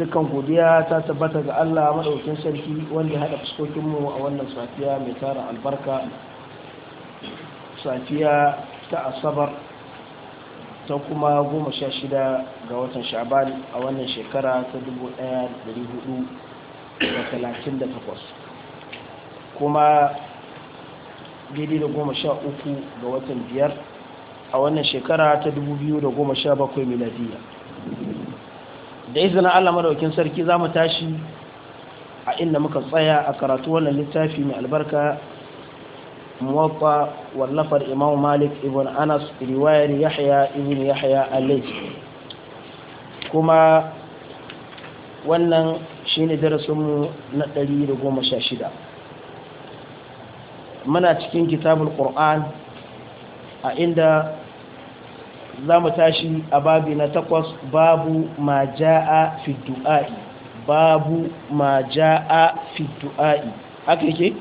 dukkan godiya ta tabbata ga Allah maɗaukin sarki wanda ya haɗa fuskokinmu a wannan safiya mai tara albarka safiya ta asabar ta kuma goma sha shida ga watan sha'ban a wannan shekara ta dubu ɗaya hudu da talatin da takwas kuma daidai da goma sha uku ga watan biyar a wannan shekara ta dubu biyu da goma sha bakwai da izinin Allah madaukin sarki za mu tashi a inda muka tsaya a karatu wannan littafi mai albarka muwaffa wallafar imam malik ibn anas riwayar yahya ibn yahya alai kuma wannan shi shine darasinmu na 116 muna cikin kitabul qur'an a inda za mu tashi a babi na takwas babu ma ja'a fi du'a'i babu ma ja'a fi du'a'i haka yake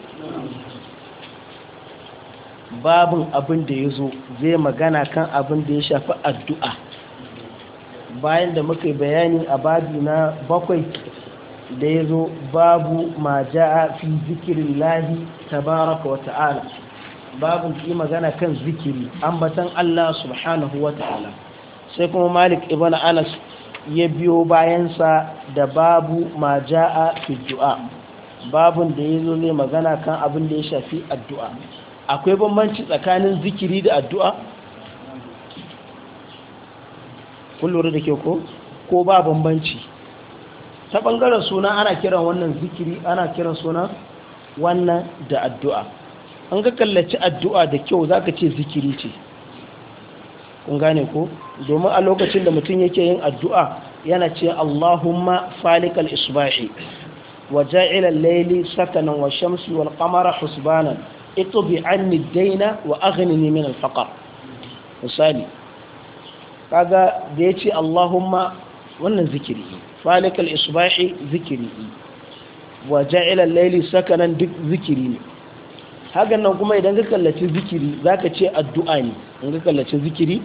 babin abin da ya zo zai magana kan abin da ya shafi addu'a bayan da muka yi bayani a babi na bakwai da ya zo babu ma ja'a fi zikirin lahi tabaraka wa ta'ala babin ki magana kan zikiri ambatan Allah subhanahu wa ta'ala sai kuma malik ibn anas ya biyo bayansa da babu ma ja'a fi du'a babun da ya ne magana kan abin da ya shafi addu'a akwai bambanci tsakanin zikiri da addu'a kullum da ke ko ko ba bambanci ta ɓangaren suna ana kiran wannan zikiri ana kiran suna wannan da addu'a an ka kallaci addu'a da kyau za ka ce zikiri ce kun gane ko domin a lokacin da mutum yake yin addu'a yana ce allahumma falikal isbahi wa ja'ilal laili sakanan wa shamsi wal qamara husbanan itubi anni daina wa aghnini min al misali kaga da yace allahumma wannan zikiri falikal isbahi zikiri wa ja'ilal laili sakanan duk zikiri ne hagan nan kuma idan ka kallaci zikiri za ka ce addu'a ne in ka kallaci zikiri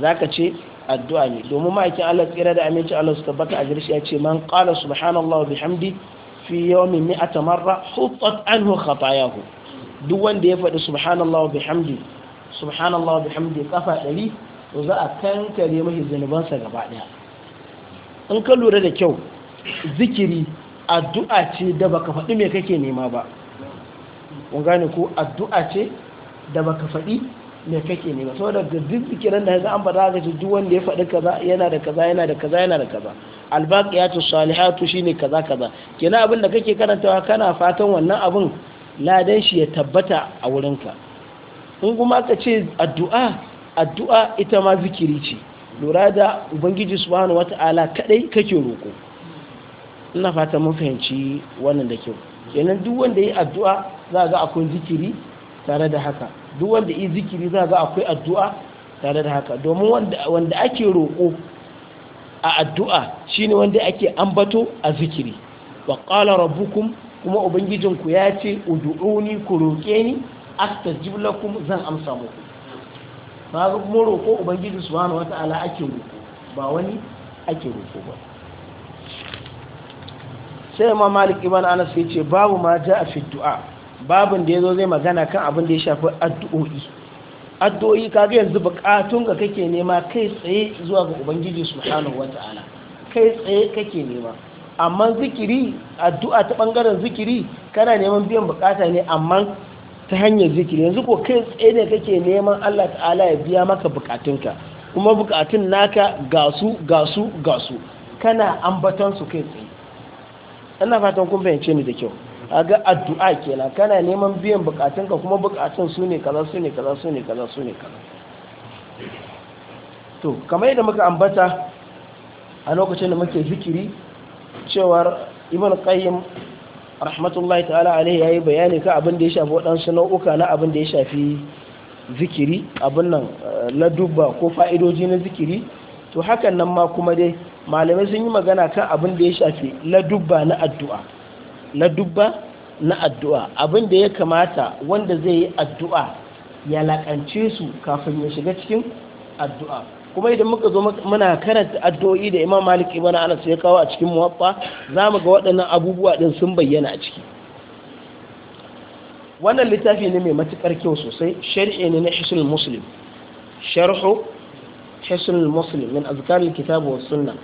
za ka ce addu'a ne domin ma'aikin Allah tsira da aminci Allah su tabbata a girshi ya ce man qala subhanallah wa bihamdi fi yawmin mi'ata marra hutat anhu khatayahu duk wanda ya faɗi subhanallah wa bihamdi subhanallah wa bihamdi kafa ɗari to za a kankare mashi zunubansa gaba ɗaya in ka lura da kyau zikiri addu'a ce da baka faɗi me kake nema ba kun gane ko addu'a ce da baka faɗi me kake ne ba saboda da duk zikiran da ga an faɗa ga duk wanda ya faɗi kaza yana da kaza yana da kaza yana da kaza albaqiyatu salihatu shine kaza kaza kenan abin da kake karantawa kana fatan wannan abin ladan shi ya tabbata a wurinka in kuma ka ce addu'a addu'a ita ma zikiri ce lura da ubangiji subhanahu wata'ala kadai kake roko ina fata mun fahimci wannan da kyau kenan duk wanda yi addu'a za ga akwai zikiri tare da haka duk wanda yi zikiri za ga akwai addu'a tare da haka domin wanda ake roƙo a addu'a shine wanda ake ambato a zikiri wa qala rabbukum kuma ubangijinku ya ce ud'uni ku roƙe ni astajib lakum zan amsa muku ba ga kuma roƙo ubangiji subhanahu wata'ala ake roƙo ba wani ake roƙo ba sai ma malik ibn anas ya ce babu ma ja'a fi du'a babin da ya zo zai magana kan abin da ya shafi addu'o'i addu'o'i kaga yanzu bukatun ka kake nema kai tsaye zuwa ga ubangiji subhanahu wata'ala kai tsaye kake nema amma zikiri addu'a ta ɓangaren zikiri kana neman biyan bukata ne amma ta hanyar zikiri yanzu ko kai tsaye ne kake neman Allah ta'ala ya biya maka bukatunka kuma bukatun naka gasu gasu gasu kana ambatansu kai tsaye ina fatan kun fahimce ni da kyau ga addu'a kenan kana neman biyan bukatunka kuma bukatun su ne kaza su ne kaza su ne kaza su ne kaza to kamar yadda muka ambata a lokacin da muke zikiri cewar ibn qayyim rahmatullahi ta'ala alaihi yi bayani ka abin da ya shafi waɗansu nau'uka na abin da ya shafi zikiri abin nan ladubba eh, ko fa'idoji na zikiri to hakan nan ma kuma dai malamai sun yi magana kan abin da ya shafi ladubba na addu'a na dubba na addu'a abin da ya kamata wanda zai yi addu'a ya laƙance su kafin ya shiga cikin addu'a kuma idan muka zo muna karanta addu'o'i da imam malik ibn anas ya kawo a cikin muwaffa za mu ga waɗannan abubuwa ɗin sun bayyana a ciki wannan littafi ne mai matuƙar kyau sosai shari'i ne na hisul muslim sharhu hisul muslim min azkarul kitabu wa sunnah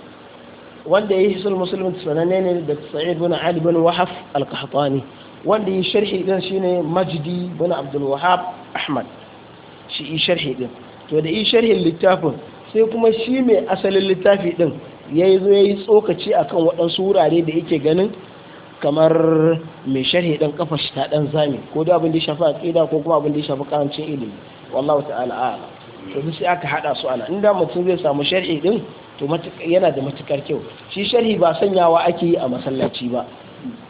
wanda ya yi hisul musulmin sananne ne da sa'id bin ali bin wahaf al-qahtani wanda ya sharhi din shine majdi bin abdul wahab ahmad shi yi sharhi din to da yi sharhin littafin sai kuma shi mai asalin littafi din ya yi zo ya yi tsokaci akan waɗansu wurare da yake ganin kamar mai sharhi din kafa shi ta dan zami ko da abin da ya shafi aqida ko kuma abin da ya shafi karancin ilimi wallahu ta'ala a'lam to sai aka hada su ana inda mutum zai samu sharhi din to yana da matukar kyau shi sharhi ba sanyawa ake yi a masallaci ba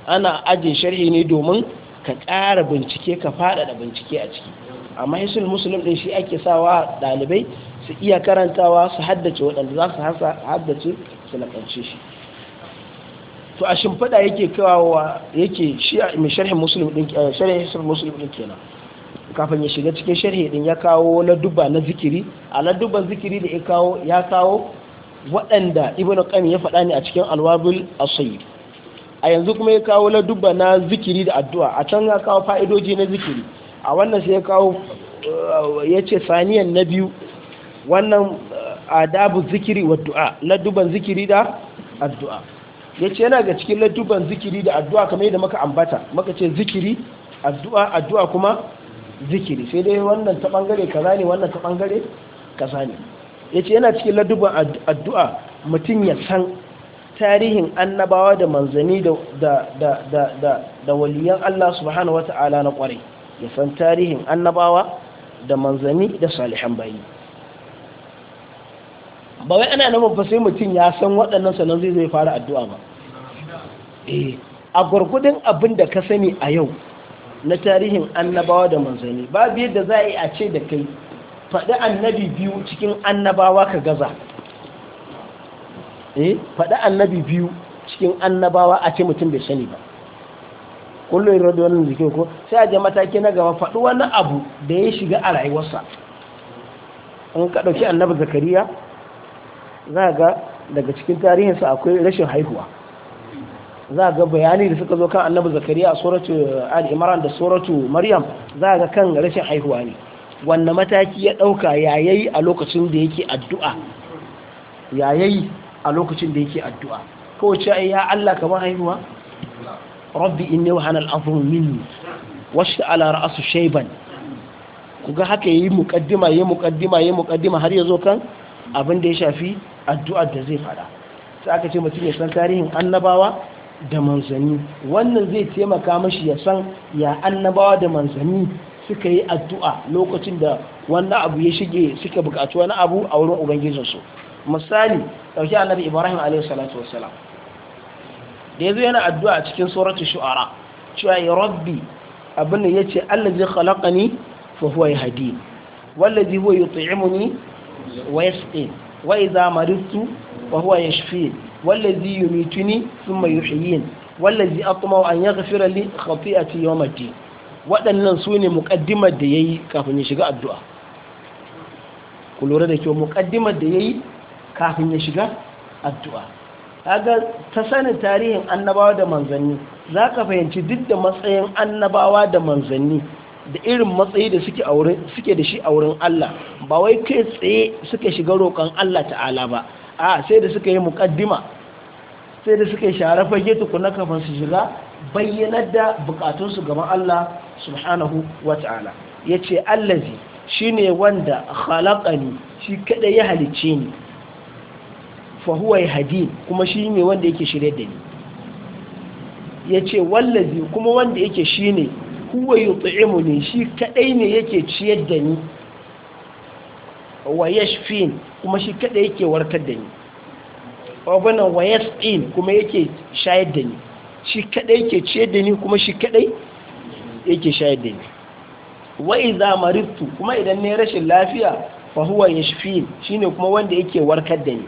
ana ajin sharhi ne domin ka ƙara bincike ka faɗaɗa bincike a ciki amma hisul musulun ɗin shi ake sawa ɗalibai su iya karantawa su haddace waɗanda za su haddace su lakance shi to a shimfiɗa yake kawawa yake shi a mai sharhin musulun ɗin eh, sharhin hisul musulun ɗin kenan kafin ya shiga cikin sharhi ɗin ya kawo na na zikiri a na zikiri da ya kawo ya kawo waɗanda ibn qayyim ya faɗa ne a cikin alwabul asayid a yanzu kuma ya kawo ladubba na zikiri da addu'a a can ya kawo fa'idoji na zikiri a wannan sai ya kawo eh, ya ce saniyan na biyu wannan eh, adabu zikiri wa du'a ladubban zikiri da addu'a ya ce yana ga cikin ladubban zikiri da addu'a kamar yadda maka ambata maka ce zikiri addu'a addu'a kuma zikiri sai dai wannan ta bangare kaza ne wannan ta bangare kaza ne ya ce yana cikin ladubin addu'a mutum ya san tarihin annabawa da manzani da waliyan Allah subhanahu wata'ala na kwarai ya san tarihin annabawa da manzani da salihan bayi ba wai ana nama ba sai mutum ya san waɗannan sanan zai zai fara addu'a ba eh, a gwargudun abin da ka sani a yau na tarihin annabawa da manzani babu yadda za a yi a ce da kai faɗi annabi biyu cikin annabawa ka gaza eh faɗi annabi biyu cikin annabawa a ce mutum bai sani ba kullum rodi wannan jikin ko sai a je mataki na gaba faɗi wani abu da ya shiga a rayuwarsa in ka ɗauki annabi zakariya za ga daga cikin tarihinsa akwai rashin haihuwa za ga bayani da suka zo kan annabi zakariya a suratu eh, al-imran da suratu maryam za ga kan rashin haihuwa ne wanne mataki ya ɗauka yayayi a lokacin da yake addu'a yayayi a lokacin da yake addu'a ko ce eh, ya Allah kamar haihuwa rabbi inni wa hana azmu minni wasu ala ra'asu shaiban ku ga haka yayi muqaddima yayi ya yi mukaddima har yazo kan abin da ya shafi addu'ar da zai fada sai aka ce mutum ya san tarihin annabawa da manzanni wannan zai taimaka mashi ya san ya annabawa da manzanni suka yi addu'a lokacin da wannan abu ya shige suka bukaci wani abu a wurin ubangijinsu misali ɗauki annabi ibrahim alaihi salatu da yazo yana addu'a a cikin suratul shu'ara cewa ya rabbi abin da yace allazi khalaqani fa huwa yahdi wallazi huwa yut'imuni wa yasqin wa idha maridtu fa huwa yashfin wallazi yumituni thumma yuhyin wallazi atma'u an yaghfira li khati'ati yawm waɗannan su ne muƙaddimar da ya yi kafin ya shiga addu'a ku lura da kyau muƙaddimar da ya yi kafin ya shiga addu'a ga ta sanin tarihin annabawa da manzanni za ka fahimci duk da matsayin annabawa da manzanni da irin matsayi da suke da shi a wurin Allah ba wai kai tsaye suka shiga roƙon Allah ta'ala ba a sai da suka yi muƙaddima sai da suka yi shara fage tukuna kafin su shiga bayyanar da bukatunsu gaban Allah subhanahu wa ta'ala ya ce allazi shi ne wanda khalaqani shi kada ya halice ni fahuwa ya hadi kuma shi ne wanda yake shirya da ni ya ce wallazi kuma wanda yake shi ne huwa yi ne shi kadai ne yake ciyar da ni wa yashfin kuma shi kadai yake warkar da ni wabanan wa yas'in kuma yake shayar da ni shi kadai yake ciyar da ni kuma shi kadai yake shayar da ni wa idza maridtu kuma idan ne rashin lafiya fa huwa yashfi shine kuma wanda yake warkar da ni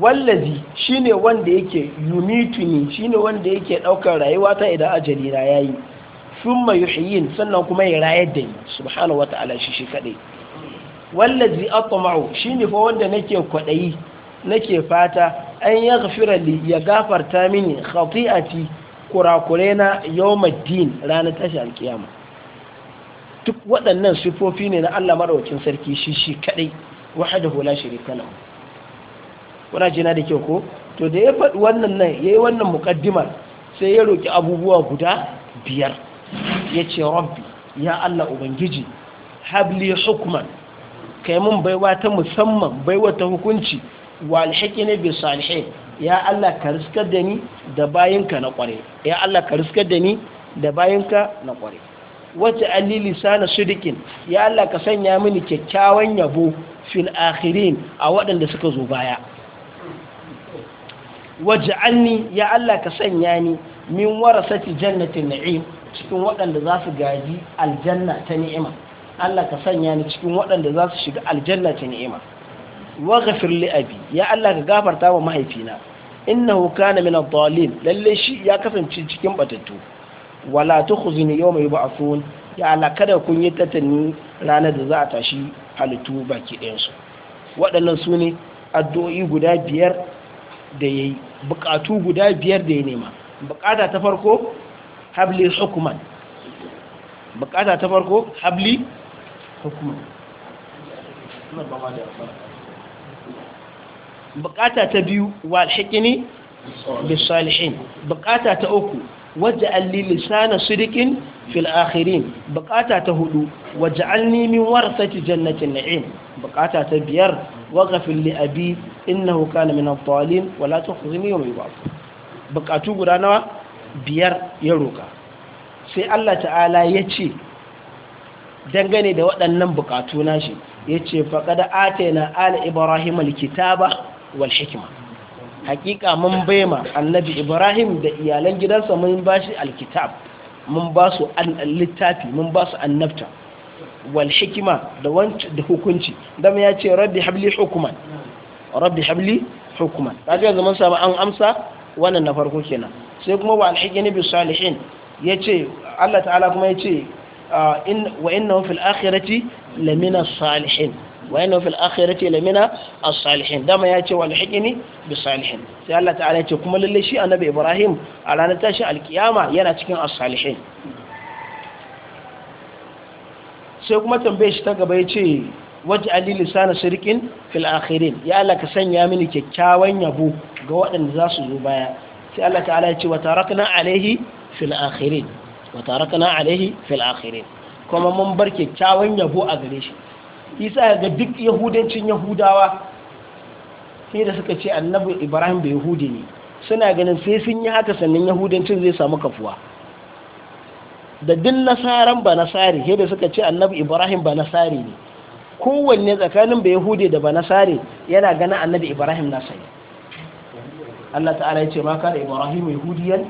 wallazi shine wanda yake yumituni shine wanda yake daukar rayuwata idan ajali na yayi thumma yuhyin sannan kuma ya rayar da ni subhanahu wataala shi shi kadai wallazi atma'u shine fa wanda nake kwadayi nake fata an yaghfira li ya gafarta mini khati'ati kurakure na maddin ranar tashi alkiyama duk waɗannan sufofi ne na Allah madawacin sarki shi shi kadai da hula sharika lahu wana jina da kyau ko to da ya faɗi wannan nan yayi wannan muqaddimar sai ya roƙi abubuwa guda biyar ya ce rabbi ya Allah ubangiji habli hukman kai mun baiwa ta musamman baiwa ta hukunci walhikini bi salihin ya Allah ka riskar da ni da bayinka na kware ya Allah ka riskar da ni da bayinka na kware wata alli lisana sidikin ya Allah ka sanya mini kyakkyawan yabo fil akhirin a waɗanda suka zo baya waj'alni ya Allah ka sanya ni min warasati jannatin na'im cikin waɗanda za su gaji aljanna ta ni'ima Allah ka sanya ni cikin waɗanda za su shiga aljanna ta ni'ima waghfir li abi ya Allah ka gafarta wa mahaifina innahu kana min ad-dallin lalle shi ya kasance cikin batattu wala tukhzini yawma yub'athun ya Allah kada kun yi tatani ranar da za a tashi halittu baki ɗayan su waɗannan su ne addu'o'i guda biyar da yayi bukatu guda biyar da ya nema buƙata ta farko habli hukuman bukata ta farko habli hukuman bukata ta biyu wa bisalihin bukata ta uku waj'al li fil bukata ta hudu waj'alni min jannatin bukata ta biyar waghfir abi bukatu guda nawa biyar ya roka sai Allah ta'ala ya ce dangane da waɗannan bukatu shi, ya ce faƙada ate na ala ibrahim alkitaba wal hakika mun baima annabi ibrahim da iyalan gidansa mun ba shi alkitab mun ba su littafi mun ba su annabta wal hikima da da hukunci dama ya ce rabbi habli hukuman rabbi habli hukuman kaga yanzu mun samu an amsa wannan na farko kenan sai kuma wa alhiqini bi salihin ce Allah ta'ala kuma yace ce ah, wa innahu fil akhirati lamina salihin wa inna fil akhirati lamina as-salihin dama ya ce walhiqni bis salihin sai Allah ta'ala ya kuma lalle shi annabi Ibrahim a ranar tashin alkiyama yana cikin as sai kuma tambaye shi ta gaba ya ce waje ali lisana sirkin fil akhirin ya laka sanya mini kyakkyawan yabo ga waɗanda za su zo baya sai Allah ta'ala ya ce wa tarakna fil akhirin wa kuma mun bar kyakkyawan yabo a gare isa ga duk yahudancin yahudawa sai da suka ce annabi ibrahim da yahudi ne suna ganin sai sun yi haka sannan yahudancin zai samu kafuwa da duk nasaran ba nasari sai da suka ce annabi ibrahim ba nasari ne kowanne tsakanin ba yahudi da ba nasari yana ganin annabi ibrahim nasari Allah ta'ala ya ce ma kana ibrahim yahudiyan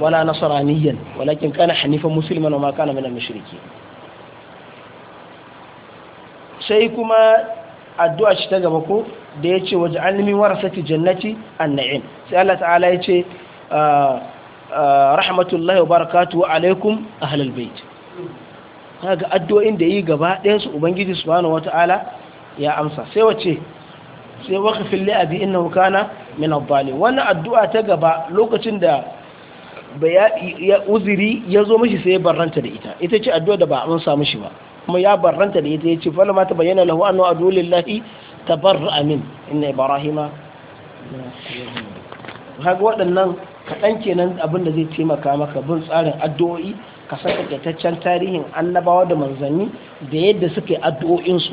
wala nasraniyan walakin kana hanifan musliman wa ma kana minal mushrikeen sai kuma addu'a shi ta gaba ko da ya ce waje alimin warasati jannati anna'im sai Allah ta'ala ya ce ah, ah, rahmatullahi wa barakatu wa alaikum ahlal bait ga addu'o'in da yi gaba ɗayan su ubangiji subhanahu wata'ala ya amsa sai wace sai waka li abi ina kana min abbali Wani addu'a ta gaba lokacin da ya uziri ya zo mashi sai ya barranta da ita ita ce addu'a da ba an samu shi ba kuma ya barranta da ita ya ce falama ta bayyana lahu annu adulillahi tabarra min inna ibrahima kaga waɗannan kaɗan kenan abin da zai taimaka maka bin tsarin addu'o'i ka san takaitaccen tarihin annabawa da manzanni da yadda suke addu'o'insu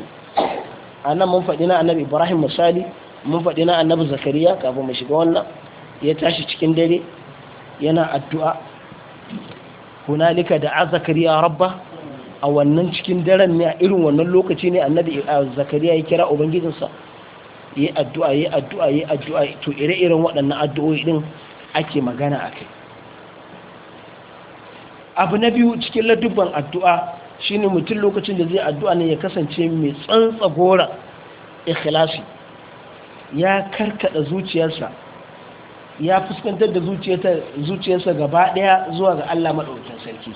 a nan mun faɗi na annabi ibrahim misali mun faɗi na annabi zakariya kafin mu shiga wannan ya tashi cikin dare yana addu'a hunalika da a zakariya rabba a wannan cikin daren ne a irin wannan lokaci ne annabi zakariya ya kira ubangijinsa yi addu'a yi addu'a yi addu'a to ire-iren waɗannan addu'o'i ɗin ake magana a kai abu na biyu cikin ladubban addu'a shine mutum lokacin da zai addu'a ne ya kasance mai tsantsa gora ikhlasi ya karkaɗa zuciyarsa ya fuskantar da zuciyarsa gaba ɗaya zuwa ga Allah maɗaukakin sarki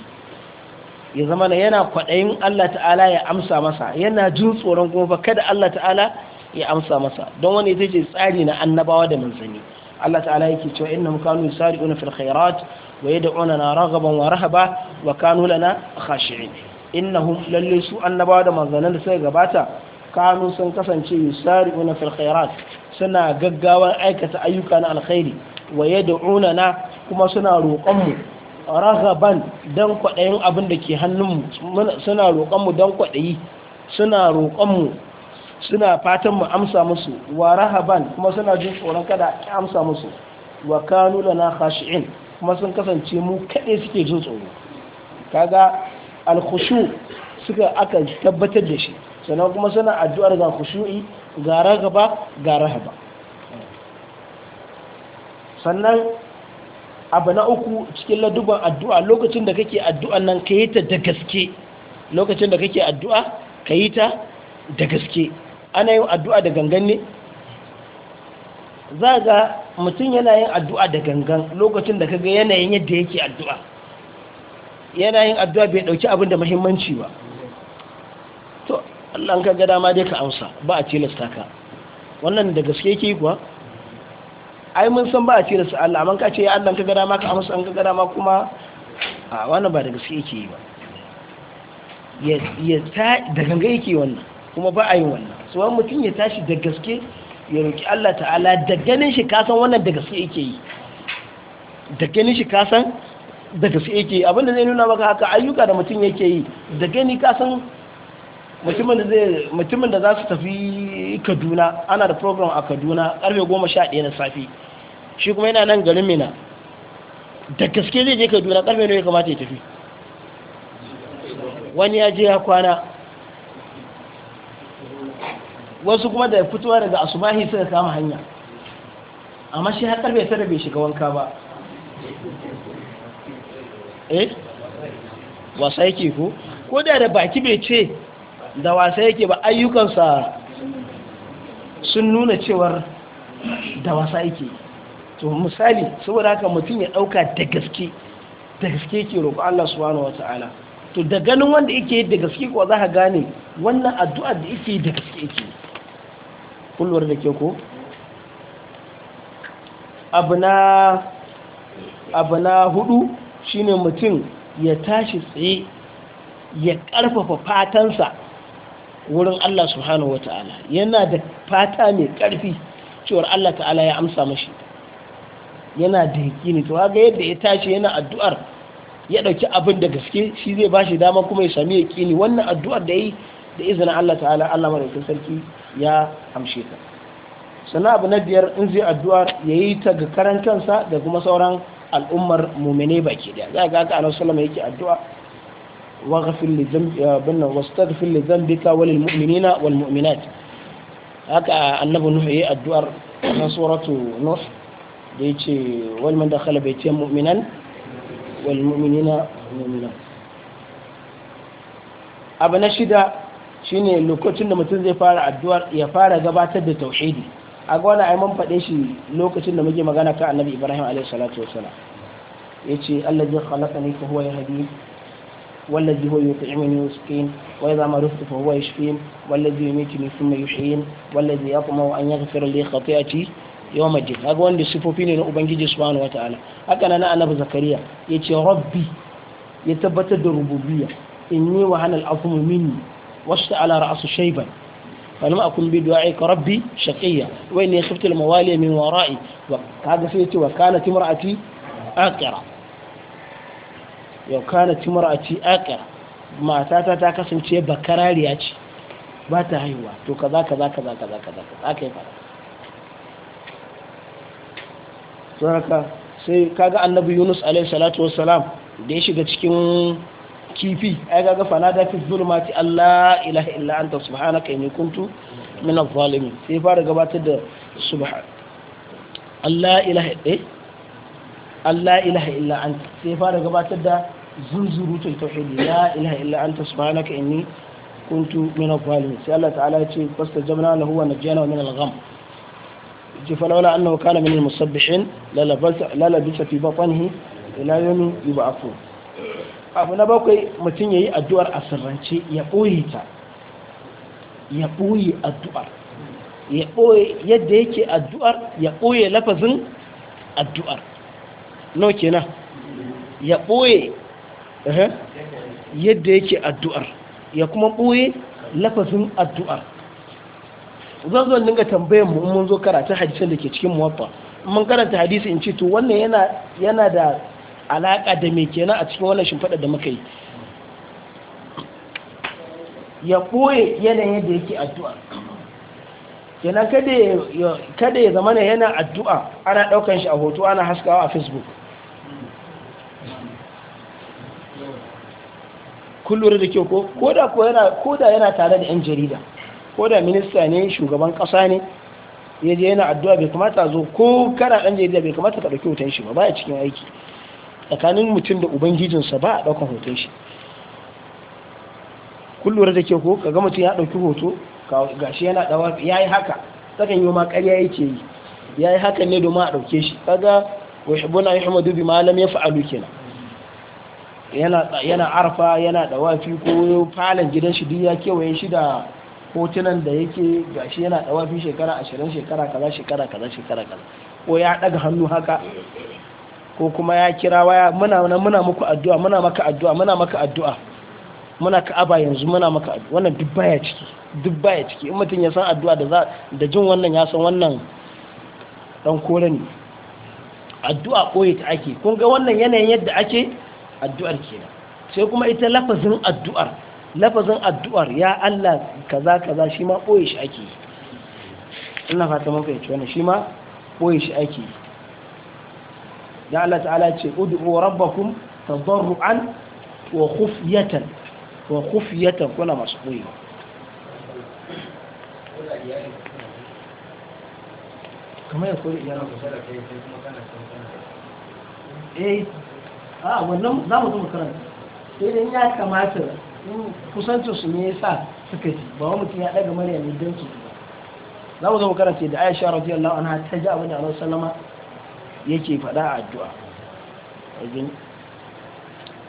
ya zama na yana kwaɗayin Allah ta'ala ya amsa masa yana jin tsoron kuma fa kada Allah ta'ala ya amsa masa don wani ita ce tsari na annabawa da manzanni Allah ta'ala yake cewa inna kanu yusari'una fil khairat wa yad'unana raghaban wa rahaba wa kanu lana khashi'in innahum lalle su annabawa da manzannin da suka gabata kanu sun kasance yusari'una fil khairat suna gaggawan aikata ayyuka na alkhairi wa yad'unana kuma suna roƙon mu ragaban don kwaɗayin abin da ke hannunmu suna roƙonmu don kwaɗayi suna roƙonmu suna fatan mu amsa musu wa rahaban kuma suna jin tsoron kada a amsa musu wa kanu na hashi'in kuma sun kasance mu kaɗai suke jin tsoro kaga alkhushu suka aka tabbatar da shi sannan kuma suna addu'ar ga khushu'i ga ragaba ga rahaba sannan abu na uku cikin ladubban addu'a lokacin da kake addu'an nan ka yi ta da gaske lokacin da kake addu'a ka yi ta da gaske ana yin addu'a da gangan ne za ga mutum yana yin addu'a da gangan lokacin da kaga yanayin yadda yake addu'a yana yin addu'a bai ɗauki abin da muhimmanci ba to Allah ka ga dama dai ka amsa ba a tilasta ka wannan da gaske yake kuwa ai mun san ba a ce da su Allah amma ka ce ya Allah ka gada maka ka san ka gada ma kuma a wannan ba da gaske yake yi ba ya ta da ganga yake wannan kuma ba a yi wannan so wani mutum ya tashi da gaske ya roki Allah ta'ala da ganin shi kasan wannan da gaske yake yi da ganin shi kasan da gaske yake yi abinda zai nuna maka haka ayyuka da mutum yake yi da gani kasan mutumin da za su tafi kaduna ana da program a kaduna karfe goma sha ɗaya na safe shi kuma yana nan garin mina da gaske zai je kaduna karfe ne ya kamata ya tafi wani ya je ya kwana wasu kuma da fitowa daga asubahi suka kama hanya amma shi har karfe tara bai shiga wanka ba eh wasa yake ko ko da da baki bai ce da wasa yake ba ayyukansa sun nuna cewar da wasa yake to misali saboda haka mutum ya dauka da gaske da gaske ke roƙo Allah subhanahu wataala to da ganin wanda yake da gaske ko za ka gane wannan addu'a da yake da gaske yake kulwar da ke ko abu na hudu shine mutum ya tashi tsaye ya ƙarfafa fatansa wurin Allah subhanahu wata'ala yana da fata mai ƙarfi cewar Allah ta'ala ya amsa mashi yana da yakini to haka yadda ya tashi yana addu'ar ya ɗauki abin da gaske shi zai bashi dama kuma ya sami yakini wannan addu'ar da yi da izinin Allah ta'ala Allah madaukakin sarki ya amshe ta sannan abu na biyar in zai addu'ar ya yi ta ga karan kansa da kuma sauran al'ummar mumine baki ɗaya, za ga haka annabi sallallahu yake addu'a واغفر لذنب واستغفر لذنبك وللمؤمنين والمؤمنات هكا النبي نوح الدوار سورة نوح ديتي والمن دخل بيتي مؤمنا والمؤمنين مؤمنات abu na shida shine lokacin da mutum zai fara addu'ar ya fara gabatar da tauhidi a ga wani aiman faɗe shi lokacin da muke magana ka annabi ibrahim alaihi salatu yace allazi khalaqani fa ya yahdini والذي هو يطعمني ويسقين وإذا مرضت فهو يشفين والذي يميتني ثم يحيين والذي يطمع أن يغفر لي خطيئتي يوم الدين هذا هو اللي ne فيني ubangiji سبحانه وتعالى أنا nan annabi zakariya yace rabbi ya tabbatar da rububiyya inni wa رأس شيبا فلم أكن بدعائك ربي شقيا وإني خفت الموالي من ورائي هذا وكانت امرأتي آكرة yau kana timar a ci aka matata ta kasance bakarariya ce ba ta haihuwa to kaza kaza kaza kaza kaza ka yi fara saraka sai kaga annabi yunus alai salatu wasalam da ya shiga cikin kifi ai gaga fana da fi zulmati allah ilaha illa anta subhanaka inni kuntu min adh-dhalimin sai fara gabatar da subhan allah ilaha eh allah ilaha illa anta sai fara gabatar da ta tauhidi ya ilaha illa anta subhanaka inni kuntu min al sai Allah ta'ala ya ce fastajabna lahu wa najjana min al-gham ji falawla annahu kana min al-musabbihin la labisa fi batnihi ila yawmi yub'athu abu na bakwai mutum yayi addu'ar asirrance ya boye ta ya boye addu'ar ya boye yadda yake addu'ar ya boye lafazin addu'ar no kenan ya ɓoye yadda yake addu'ar ya kuma ɓoye lafazin addu'ar zan zo dinga tambayar mu mun zo karatun hadisun da ke cikin muwaffa mun karanta hadisi in ce to wannan yana da alaƙa da mai kenan a cikin wannan shimfaɗa da muka yi ya ɓoye yanayin yadda yake addu'a kenan kada ya zama yana addu'a ana ɗaukan shi a hoto ana haskawa a facebook kun da kyau ko koda ko yana koda yana tare da yan jarida koda minista ne shugaban kasa ne ya je yana addu'a bai kamata zo ko kana ɗan jarida bai kamata ka dauki hoton shi ba a cikin aiki tsakanin mutum da ubangijinsa ba a ɗaukan hoton shi kun da kyau ko ka kaga mutum ya dauki hoto gashi yana dawa yayi haka sakan yi ma ƙarya yake yi yayi haka ne domin a dauke shi kaga wa yuhibbuna yuhammadu ya ya fa'alu kenan yana arfa yana dawafi ko falon gidan shi duk ya kewaye shi da hotunan da yake gashi yana dawafi shekara ashirin shekara kaza shekara kaza shekara kaza ko ya daga hannu haka ko kuma ya kira waya muna muna muku addu'a muna maka addu'a muna maka addu'a muna ka aba yanzu muna maka addu'a wannan duk baya ciki duk baya ciki in mutum ya san addu'a da da jin wannan ya san wannan dan kore ne addu'a koyi ta ake kun ga wannan yanayin yadda ake addu'ar kenan sai kuma ita lafazin addu'ar lafazin addu'ar ya Allah kaza kaza shi ma boye shi ake yi ina fata mun fahimci wani shi ma boye shi ake yi da Allah ta'ala ce ud'u rabbakum tadarruan wa khufyatan wa khufyatan kuna masu boye kamar ya kori iyalin kusa da kai kuma kana eh a ah, wannan za mu zo mu karanta sai dai ya kamata in kusancin su ne yasa suka ji ba wani mutum ya daga murya ne don su za mu zo mu karanta da Aisha radiyallahu anha ta ji abin da Annabi sallama yake faɗa a addu'a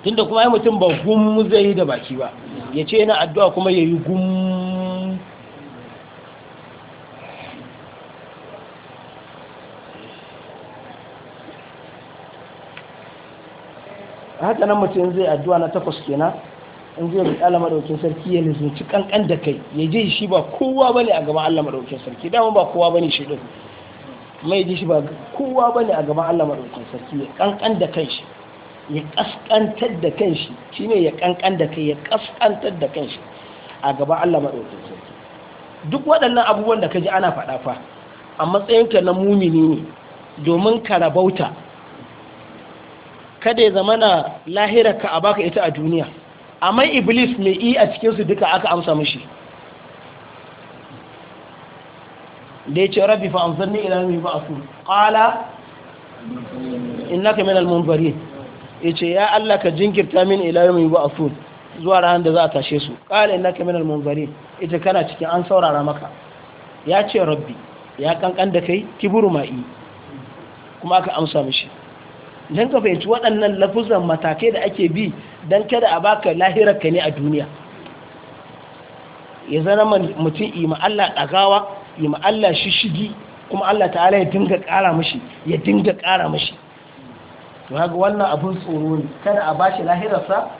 tunda kuma ai mutum ba gum zai yi da baki ba ya ce yana addu'a kuma ya yi gum haka nan mutum zai addu'a na takwas kenan in zai bi Allah madaukin sarki ya lizuci kankan da kai ya je shi ba kowa bane a gaban Allah madaukin sarki dama ba kowa bane shi din mai ji shi ba kowa bane a gaban Allah madaukin sarki ya kankan da kai shi ya kaskantar da kan shi shine ya kankan da kai ya kaskantar da kan shi a gaban Allah madaukin sarki duk waɗannan abubuwan da kaji ana faɗa fa a matsayinka na mumini ne domin karabauta. kada ya zama na lahira ka a baka ita a duniya amma iblis mai iya a cikinsu duka aka amsa mashi da ya ce rabbi fa amsarni ila mai ba a su ƙala innaka min almunzari ya ce ya Allah ka jinkirta min ila mai ba su zuwa ranar da za a tashe su ƙala inaka min almunzari ita kana cikin an saurara maka ya ce rabbi ya kankan da kai kiburu ma'i kuma aka amsa mashi don ka fahimci waɗannan lafuzan matakai da ake bi don kada a baka lahirarka ne a duniya ya zana mutum ima Allah ɗagawa ima Allah shishigi kuma Allah ta'ala ya dinga ƙara mashi ya dinga ƙara mashi to haka wannan abin tsoro ne kada a bashi lahirarsa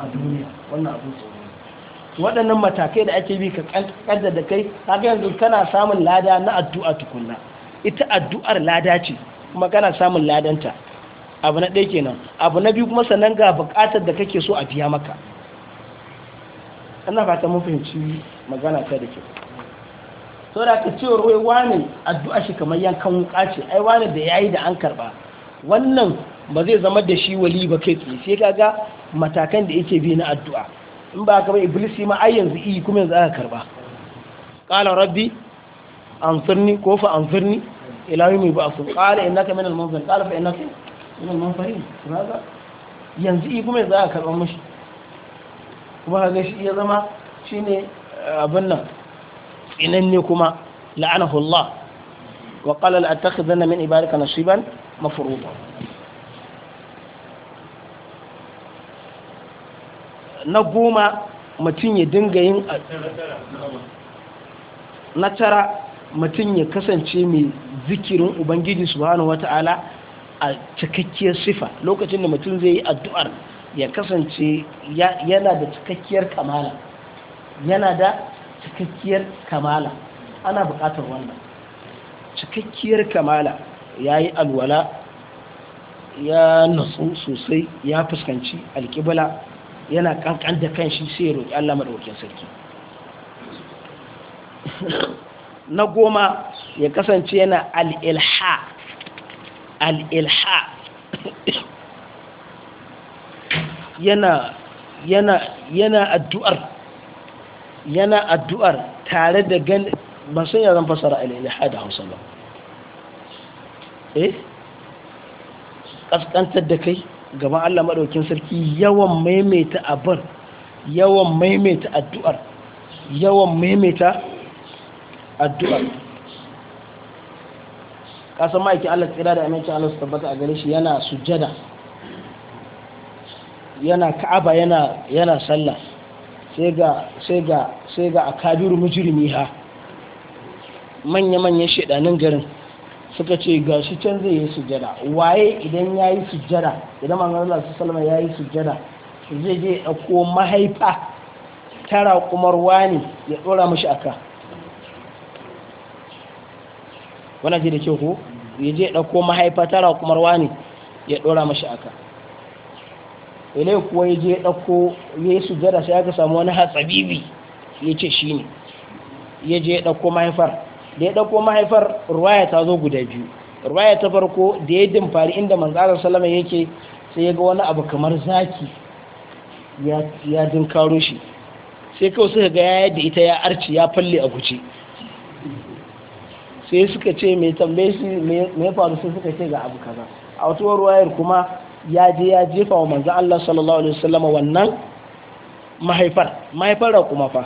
a duniya wannan abin tsoro ne waɗannan matakai da ake bi ka ƙaddar da kai haka yanzu kana samun lada na addu'a tukunna ita addu'ar lada ce kuma kana samun ladanta abu na ɗaya kenan abu na biyu kuma sannan ga buƙatar da kake so a biya maka ana fata mun fahimci magana ta da ke so da ka cewar wai wani addu'a shi kamar yankan wuka ce ai wani da yayi da an karba wannan ba zai zama da shi wali ba kai tsaye sai kaga matakan da yake bi na addu'a in ba ka ba iblis ma ai yanzu yi kuma yanzu aka karba qala rabbi anfirni ko fa anfirni ila ba su qala innaka minal munzir qala fa innaka ilal manfari raza yanzu yi kuma za a karɓar mashi kuma kaga shi ya zama shi ne eh, abin nan tsinanne kuma la'ana hula wa a taƙi attakhidhanna min ibadika nasiban mafruḍa na goma mutum ya dinga yin a na tara mutum ya kasance mai zikirin ubangiji subhanahu wata'ala a cikakkiyar sifa lokacin da mutum zai yi addu'ar ya kasance yana da cikakkiyar kamala yana da cikakkiyar kamala ana buƙatar wannan cikakkiyar kamala ya yi alwala ya nasu sosai ya fuskanci alƙibla yana kankan da shi sai ya roƙi Allah maɗaukin sarki na goma ya kasance yana al'ilha al'ilha yana yana addu'ar yana addu'ar tare da gan ban san ya fasara al'ilha da hausa ba eh kaskantar da kai gaban Allah maɗaukin sarki yawan maimaita abin yawan maimaita addu'ar yawan maimaita addu'ar kasan ma'aikin Allah tsira da amincin Allah su tabbata a gare shi yana sujjada yana ka'aba yana yana sallah sai ga sai ga sai ga ha manya-manyan shedanin garin suka ce ga shi can zai yi sujjada waye idan ya yi sujjada idan manzon Allah sallallahu ya yi sujjada zai je ɗauko mahaifa tara kumar wani ya tsora mashi aka wannan ji da kyau ko ya je ɗauko mahaifa tara kuma ne ya ɗora mashi aka ilai kuwa ya je ɗauko ya yi sujada sai aka samu wani hatsabibi ya ce shi ne ya je ɗauko mahaifar da ya ɗauko mahaifar ruwaya ta zo guda biyu ruwaya ta farko da ya dimfari inda manzalar salama yake sai ya ga wani abu kamar zaki ya dinkaro shi sai kawai suka ga ya da ita ya arci ya falle a guci sai suka ce mai tambaye shi mai faru sai suka ce ga abu kaza a wata warwayar kuma ya je ya jefa wa manzo Allah sallallahu alaihi wasallam wannan mahaifar mahaifar kuma fa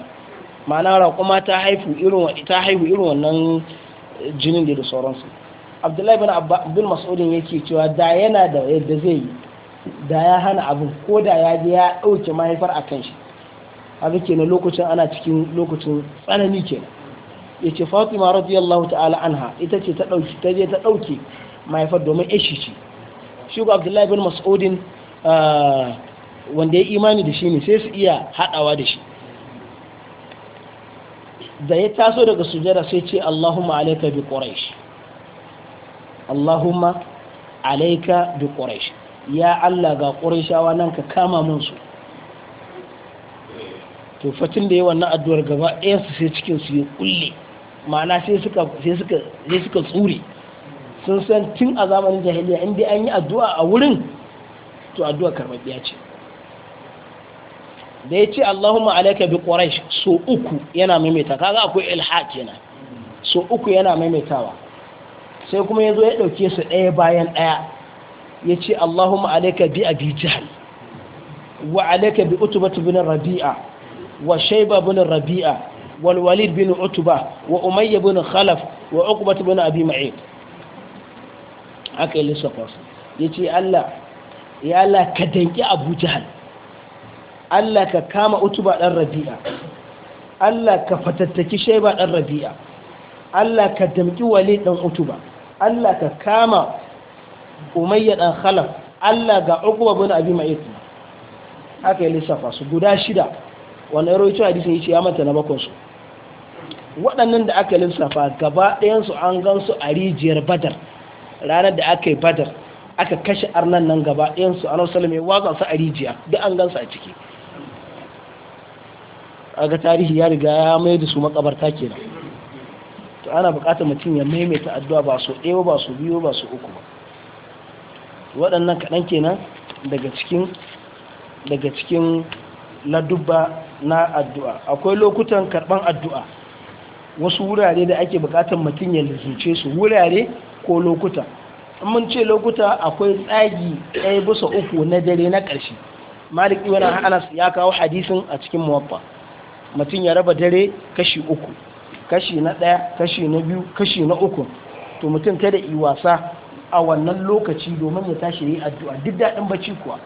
ma'ana kuma ta haifu irin ta haihu irin wannan eh, jinin da da sauransu Abdullahi bin Abdul Mas'udin yake cewa da yana da yadda zai yi da ya hana abin ko da ya je ya dauke mahaifar a kan shi abin kenan lokacin ana cikin lokacin tsanani kenan ce Fatima radiyallahu ta'ala anha ita ce ta ɗauki ta je ta ɗauki mahaifar domin ishi ce shi Abdullahi bin Mas'udin ah, wanda ya imani da shi ne sai su iya haɗawa da shi da ya taso daga sujada sai ce Allahumma alaika bi quraish Allahumma alaika bi quraish ya Allah ga qurayshawa nan ka kama mun su to fatin da yayi wannan addu'ar gaba ɗayan su sai cikin su ya kulle ma'ana sai suka tsuri sun san tun a zamanin jahiliya Inda an yi addu'a a wurin to addu'a karbabbiya ce da ya ce Allahumma alaika bi quraish so uku yana maimaita kaga akwai ilhaq kenan so uku yana maimaitawa sai kuma ya zo ya ɗauke su ɗaya bayan ɗaya ya ce Allahumma alaika bi abi jahal wa alaika bi utubatu bin rabi'a wa shaiba bin rabi'a والوليد بن عتبة وأمية بن خلف وعقبة بن أبي معيط أكيد لسه lissafansu ya الله Allah ya كدنك ka جهل الله Allah ka kama كفتتك شيبة rabi'a Allah ka fatattaki shaiba ɗan rabi'a Allah ka damki خلف ɗan كعقبة Allah ka kama umayya ɗan khalaf Allah ga ukuba haka yi lissafa guda shida wannan rawaito hadisin ya manta na bakon su waɗannan da aka lissafa gaba ɗayansu an su a rijiyar badar ranar da aka yi badar aka kashe arnan nan gaba ɗayansu a nasarar mai watsa su a rijiya da an su a ciki aga tarihi ya riga ya mai da su makabarta kenan to ana buƙatar mutum ya maimaita addu'a ba su ɗaya ba su biyu ba su uku ba waɗannan kaɗan kenan daga cikin daga cikin ladubba na addu'a akwai lokutan karɓan addu'a wasu wurare da ake bukatar mutum ya lizince su wurare ko lokuta in mun ce lokuta akwai tsagi ɗaya bisa uku na dare na ƙarshe malik ibn anas ya kawo hadisin a cikin muwaffa mutum ya raba dare kashi uku kashi na ɗaya kashi na biyu kashi na uku to mutum kada yi wasa a wannan lokaci domin ya tashi yi addu'a duk daɗin bacci kuwa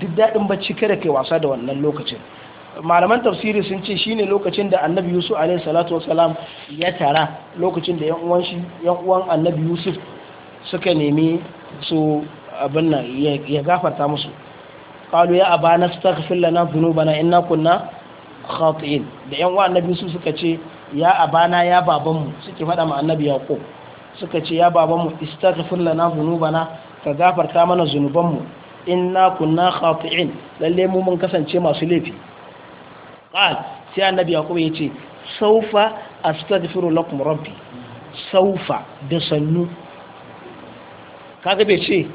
duk daɗin bacci kada kai wasa da wannan lokacin malaman tafsiri sun ce shine lokacin da annabi yusuf alaihi salatu wasalam ya tara lokacin da yan uwan annabi yusuf suka nemi su abin nan ya gafarta musu kalu ya na astaghfir lana dhunubana inna kunna khati'in da yan uwan annabi yusuf suka ce ya abana ya babanmu suke faɗa ma annabi yaqub suka ce ya babanmu istaghfir lana dhunubana ka gafarta mana zunubanmu inna kunna khati'in lalle mu mun kasance masu laifi qal sai annabi yaqub ya ce saufa astaghfiru lakum rabbi saufa da sannu kaga bai ce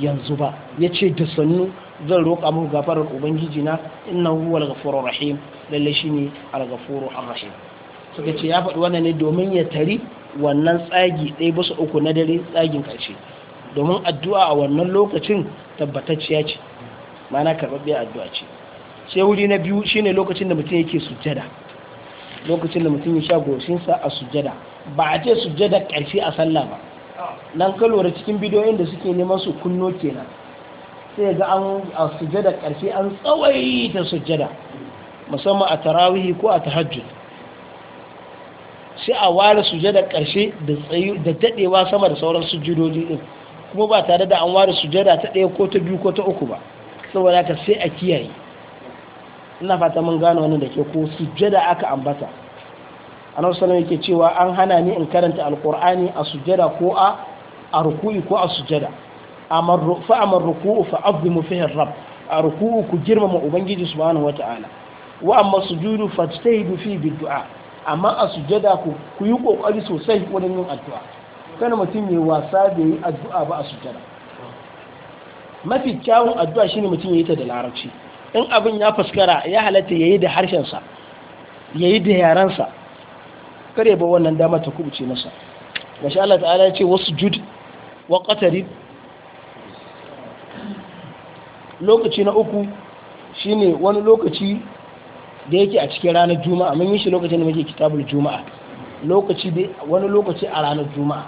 yanzu ba yace da sannu zan roƙa muku gafarar ubangiji na innahu daga ghafurur rahim lalle shine al-ghafurur rahim suka ce ya faɗi wannan ne domin ya tari wannan tsagi ɗaya bisa uku na dare tsagin ƙarshe domin addu'a a wannan lokacin tabbatacciya ce mana karɓaɓɓiyar addu'a ce sai wuri na biyu shine lokacin da mutum yake sujada. lokacin da mutum ya sha goshinsa a sujada. ba a ce sujada ƙarshe a sallah ba nan ka cikin bidiyoyin da suke neman su kunno kenan sai ga an a sujjada ƙarshe an tsawaita sujjada musamman a tarawihi ko a tahajjud sai a ware sujjada ƙarshe da daɗewa sama da sauran sujjudoji din kuma ba tare da an ware sujada ta ɗaya ko ta biyu ko ta uku ba saboda haka sai a kiyaye ina fata mun gano wannan da ke ko sujjada aka ambata annabi sallallahu yake cewa an hana ni in karanta alqur'ani a sujjada ko a a ruku'i ko a sujjada fa amar ruku'u fa azimu fihi rabb a ruku'u ku girmama ubangiji subhanahu wata'ala wa amma sujudu fajtahidu fi du'a? amma a sujjada ku ku yi kokari sosai wurin yin addu'a kana mutum ne wasa da yi addu'a ba a sujjada mafi kyawun addu'a shine mutum yayi ta da larabci in abin ya fuskara ya halatta ya yi da harshensa yi da yarensa kare ba wannan dama ta kubuce masa masha Allah ta'ala ya ce wasu jud wa qatari lokaci na uku shine wani lokaci da yake a cikin ranar juma'a mun yi shi lokacin da muke kitabul juma'a lokaci da wani lokaci a ranar juma'a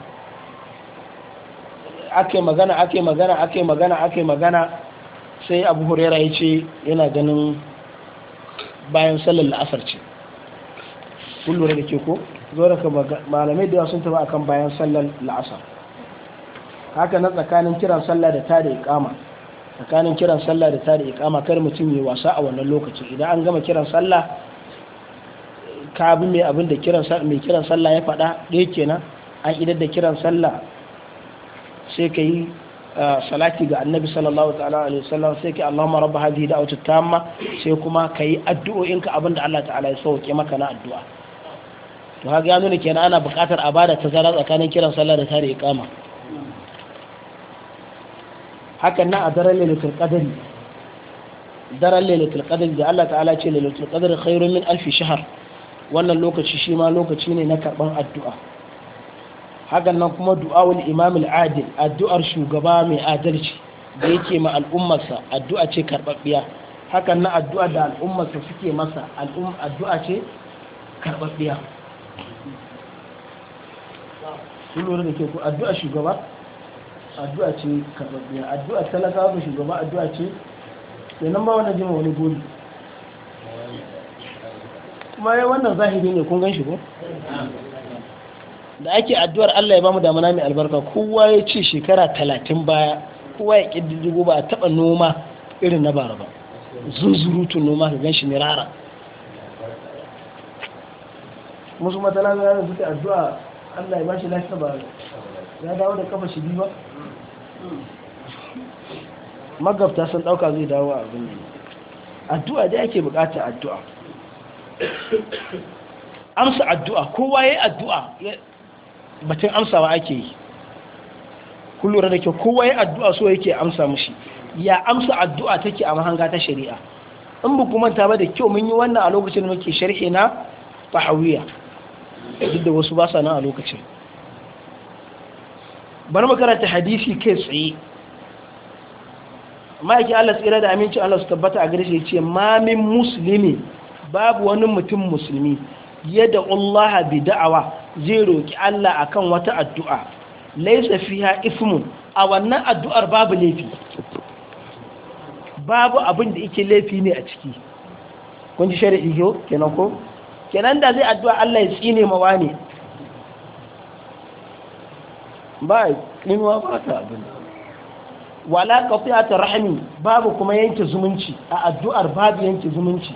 ake magana ake magana ake magana ake magana sai abu hurera ya ce yana ganin bayan sallar la'asar ce kun lura da ke ko zuwa ka malamai da sun taba akan bayan sallar la'asar haka na tsakanin kiran sallah da tada ikama tsakanin kiran sallah da tada ikama kar mutum ya wasa a wannan lokaci idan an gama kiran sallah ka bi mai abin da mai kiran sallah ya faɗa ɗaya kenan an idar da kiran sallah sai ka yi salati ga annabi sallallahu ta'ala alaihi wasallam sai ki Allahumma rabb hadhihi da'watu tamma sai kuma kai addu'o'in ka abinda Allah ta'ala ya sauke maka na addu'a to haka ya nuna kenan ana buƙatar a bada tazara tsakanin kiran sallah da tare iqama hakan na a daren lailatul qadri daren lailatul qadri da Allah ta'ala ce lailatul qadri khairun min alfi shahr wannan lokaci shi ma lokaci ne na karban addu'a hakan nan kuma du'awul imam al-adil addu'ar shugaba mai adalci da yake ma al'ummarsa addu'a ce karbabbiya hakan nan addu'a da al'ummarsa suke masa addu'a ce karbabbiya sun lura da ke ku addu'a shugaba addu'a ce karbabbiya addu'a talaka ga shugaba addu'a ce Sai nan ba wani jima wani gori kuma yai wannan zahiri ne kun gan shi ko da ake addu'ar Allah ya bamu damuna mai albarka kowa ya ce shekara talatin baya kowa ya ƙididdigo ba a taɓa noma irin na bara ba zunzurutun noma ka ganshi mirara musu matala ya da suka addu'a Allah ya ba shi lafiya ba ya dawo da kafa shi biyu ba magabta sun ɗauka zai dawo a abin addu'a da ake bukata addu'a amsa addu'a kowa ya yi addu'a batun amsawa ake yi kun lura da kyau kowa ya addu'a so yake amsa mushi ya amsa addu'a take a mahanga ta shari'a in ba kuma ta ba da kyau mun yi wannan a lokacin da muke sharhi na fahawiya duk da wasu ba sa nan a lokacin bari mu karanta hadisi kai tsaye ma'aiki Allah tsira da Amincin Allah su tabbata a garishe ce mamin musulmi babu wani mutum musulmi yadda Allah bi da'awa zai roƙi Allah a kan wata addu'a laisa ha ismu a wannan addu'ar babu laifi babu abin da ike laifi ne a ciki kun ji shari'i yau kenan ko kenan da zai addu'a Allah ya tsine mawa ne ba tsinuwa ba ta abin wala ta rahmi babu kuma yanke zumunci a addu'ar babu yanke zumunci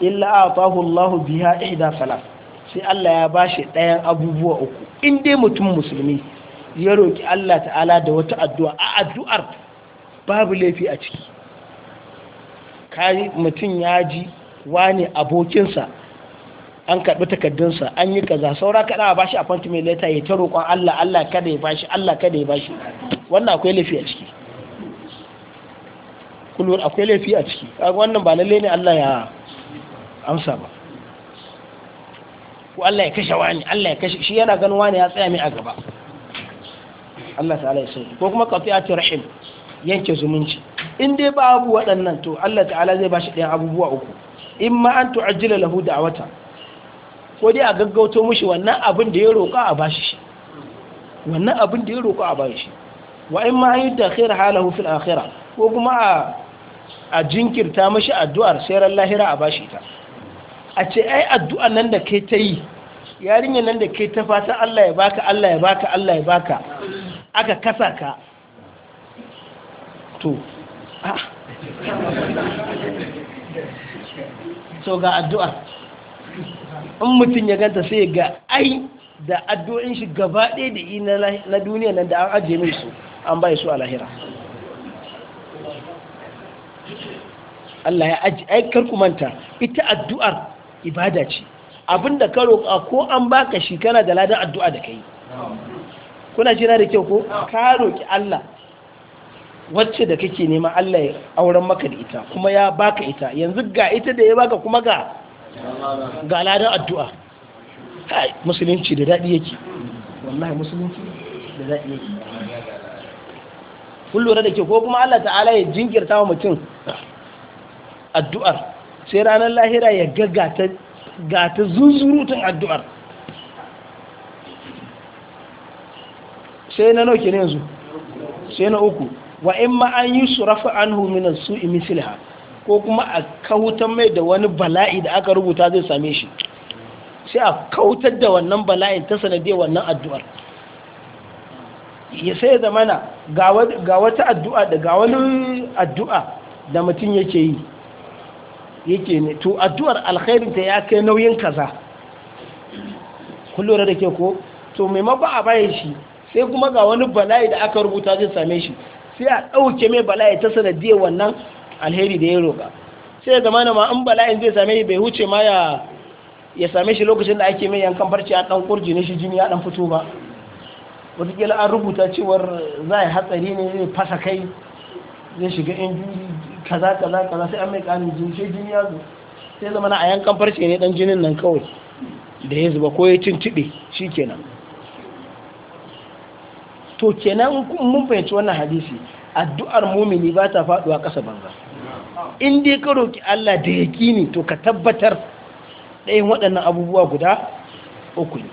illa atahu Allah biya ihda salat sai Allah ya ba shi ɗayan abubuwa uku in dai mutum musulmi ya roƙi Allah ta'ala da wata addu'a a addu'ar babu laifi a ciki kai mutum ya ji wani abokinsa an karɓi takardunsa an yi kaza saura kaɗa a mai appointment letter ya ta roƙon Allah Allah kada ya ba shi Allah kada ya ba shi. wannan akwai laifi a ciki kullum akwai laifi a ciki wannan ba lalle ne Allah ya amsa ba ko Allah ya kashe wani Allah ya kashe shi yana ganin wani ya tsaya mai a gaba Allah ta'ala ya sani ko kuma qati'atu rahim yanke zumunci in dai ba abu waɗannan to Allah ta'ala zai ba shi ɗayan abubuwa uku in ma an tu'ajjila lahu da'wata ko dai a gaggauto mushi wannan abin da ya roƙa a bashi shi wannan abin da ya roƙa a bashi shi wa in ma an khair halahu fil akhirah ko kuma a a jinkirta mashi addu'ar sai ran lahira a bashi ta a ce ai addu'a nan da ke ta yi yarinya nan da ke ta fata Allah ya baka Allah ya baka Allah ya baka aka kasa ka to so ga addu'a in mutum ya ganta sai ga ai da addu'in shi gaba ɗaya da yi na duniya nan da an ajiye mai su an bai su a lahira Allah ya aji aikar kumanta ita addu'ar ibada ce abinda ka roƙa ko an baka shi kana da ladan addu'a da kai kuna jira da kyau ko ka roƙi Allah wacce da kake nema Allah ya auren maka da ita kuma ya baka ita yanzu ga ita da ya baka kuma ga ga ladan addu'a kai musulunci da dadi yake wallahi musulunci da dadi yake kullu da ke ko kuma Allah ta'ala ya jinkirta wa mutum addu'ar sai ranar lahira ya ga gata zuzurutun addu'ar sai na nauke ne yanzu sai na uku wa in ma an yi rafi an huminan su imisilha ko kuma a kautan mai da wani bala'i da aka rubuta zai same shi sai a kautar da wannan bala'in ta sanadiyar wannan addu'ar ya sai zamana ga wata addu'a da ga wani addu'a da mutum yake yi yake ne to addu'ar ta ya kai nauyin kaza kullum da ke ko to maimakon a bayan shi sai kuma ga wani bala'i da aka rubuta zai same shi sai a ɗauke mai bala'i ta sanadiyar wannan alheri da ya roƙa sai zama na ma in bala'in zai same shi bai huce ma ya ya same shi lokacin da ake mai yankan barci a ɗan kurji ne shi jini ya ɗan fito ba wataƙila an rubuta cewar za a hatsari ne zai fasa kai zai shiga injuri kaza kaza kaza sai an mai karin jini sai jini ya zo sai zama na a yankan farce ne dan jinin nan kawai da ya zuba ko ya tibe shikenan to kenan mun fahimci wannan hadisi addu'ar mumini ba ta faduwa ƙasa banza in dai ka roki Allah da yaqini to ka tabbatar ɗayan waɗannan abubuwa guda uku ne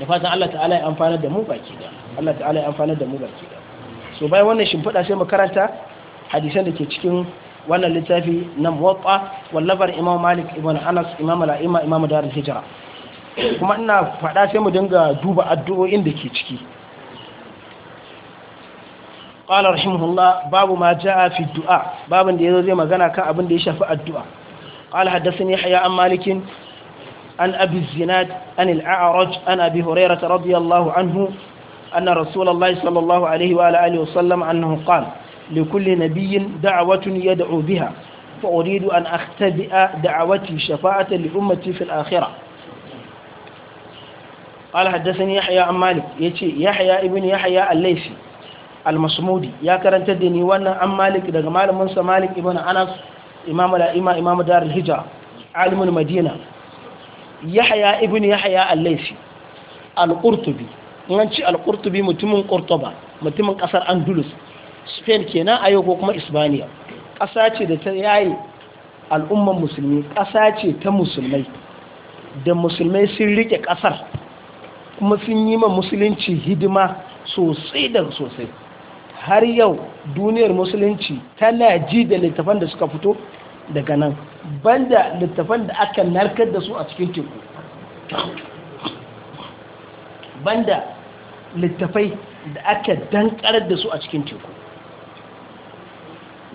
da fatan Allah ta'ala ya amfana da mu baki da Allah ta'ala ya amfana da mu baki da so bai wannan shimfiɗa sai mu karanta hadisan da ke cikin wannan littafi na muwatta wallafar imam malik ibn anas imam ala'ima imam darul hijra kuma ina faɗa sai mu dinga duba addu'o'in da ke ciki qala rahimahullah babu ma jaa fi du'a babin da yazo zai magana kan abin da ya shafi addu'a qala haddathani haya an malikin an abi zinad an al-a'raj an abi hurairah radiyallahu anhu anna rasulullahi sallallahu alaihi wa alihi wa sallam annahu qala لكل نبي دعوة يدعو بها فأريد أن أختبئ دعوتي شفاعة لأمتي في الآخرة قال حدثني يحيى عن مالك يتي يحيى ابن يحيى الليثي المصمودي يا كرنت دني وانا عن مالك daga malamin sa Malik ibn Anas imam al-imam imam dar al-hijra madina Yahya ibn Yahya al-Laysi al-Qurtubi in ci al-Qurtubi mutumin Qurtuba mutumin kasar Andalus spain kenan a yau ko kuma isbaniya ƙasa ce da ta yaye al'umman musulmi ƙasa ce ta musulmai da musulmai sun riƙe ƙasar kuma sun yi ma musulunci hidima sosai da sosai har yau duniyar musulunci tana ji da littafan da suka fito daga nan banda littafan da aka narkar da su a cikin teku banda littafai da aka dankar da su a cikin teku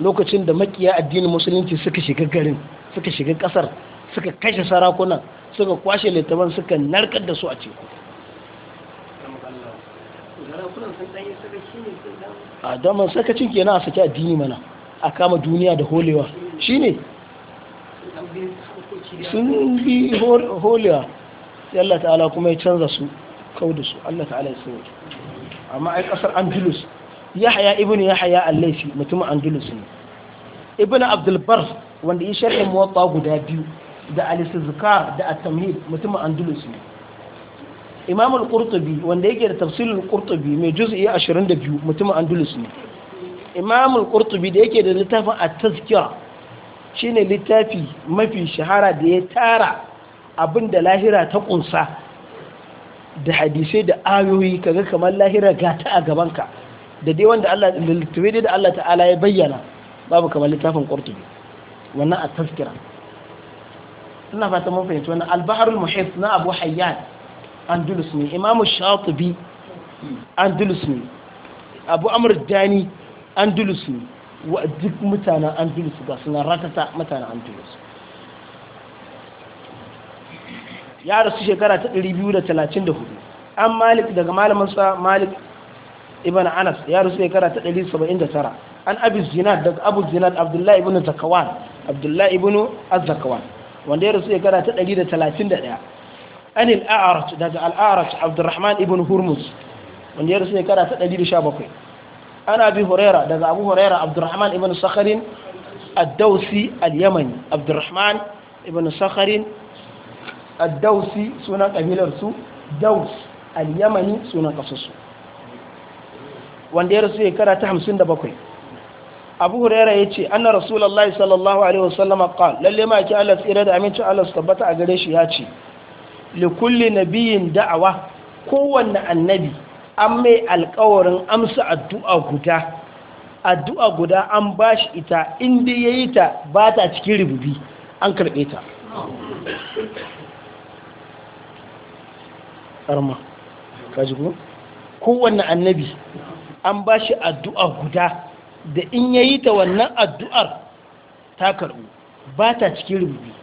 lokacin da makiya addinin musulunci suka shiga garin suka shiga kasar suka kashe sarakuna suka kwashe littafan suka narkar da su a ciki a daman sakacin kenan a saki addini mana a kama duniya da holewa Shi ne. sun bi holewa yalla ta'ala kuma ya canza su kau da su Allah ta'ala ya sauke amma ai kasar Andalus yahya ibnu yahya al-laifi mutumin andalus ne ibnu abdul bar wanda ya sharhi muwatta guda biyu da al-istizkar da at-tamhid mutumin andalus ne imam al-qurtubi wanda yake da tafsirul qurtubi mai juz'i 22 mutumin andalus ne imam al-qurtubi da yake da littafin at-tazkira shine littafi mafi shahara da ya tara abinda lahira ta kunsa da hadisai da ayoyi kaga kamar lahira gata a gabanka da dai wanda Allah littafi da Allah ta'ala ya bayyana babu kamar littafin qurtubi wannan a tafkira. ina fata mun fahimci wannan al baharul muhit na Abu Hayyan Andalus ne Imam Shatibi Andalus ne Abu Amr Dani Andalus ne wa duk mutanen Andalus ga suna ratata mutanen Andalus ya rasu shekara ta 234 an malik daga malamin sa malik ibn anas ya rasu shekara ta 179 an abu zinad daga abu zinad abdullahi ibn zakawan abdullahi ibn az-zakawan wanda ya rasu shekara ta 131 an al-a'raj daga al-a'raj abdurrahman ibn Hurmus wanda ya rasu shekara ta 117 an abi huraira daga abu huraira abdurrahman ibn sakharin ad-dawsi al-yamani abdurrahman ibn sakharin ad-dawsi sunan kabilar su daws al-yamani sunan kasarsu wanda ya rasu shekara ta 57 abu huraira ya ce anna rasulallah sallallahu alaihi wasallama qal lalle ma ki Allah tsira da amincin Allah su tabbata a gare shi ya ce li kulli nabiyyin da'awa kowanne annabi an mai alƙawarin amsa addu'a guda addu'a guda an shi ita inda yayi ta ba ta cikin rububi an karɓe ta kowanne annabi an ba shi addu'a guda da in ya yi ta wannan addu'ar ta karɓu ba ta cikin rubi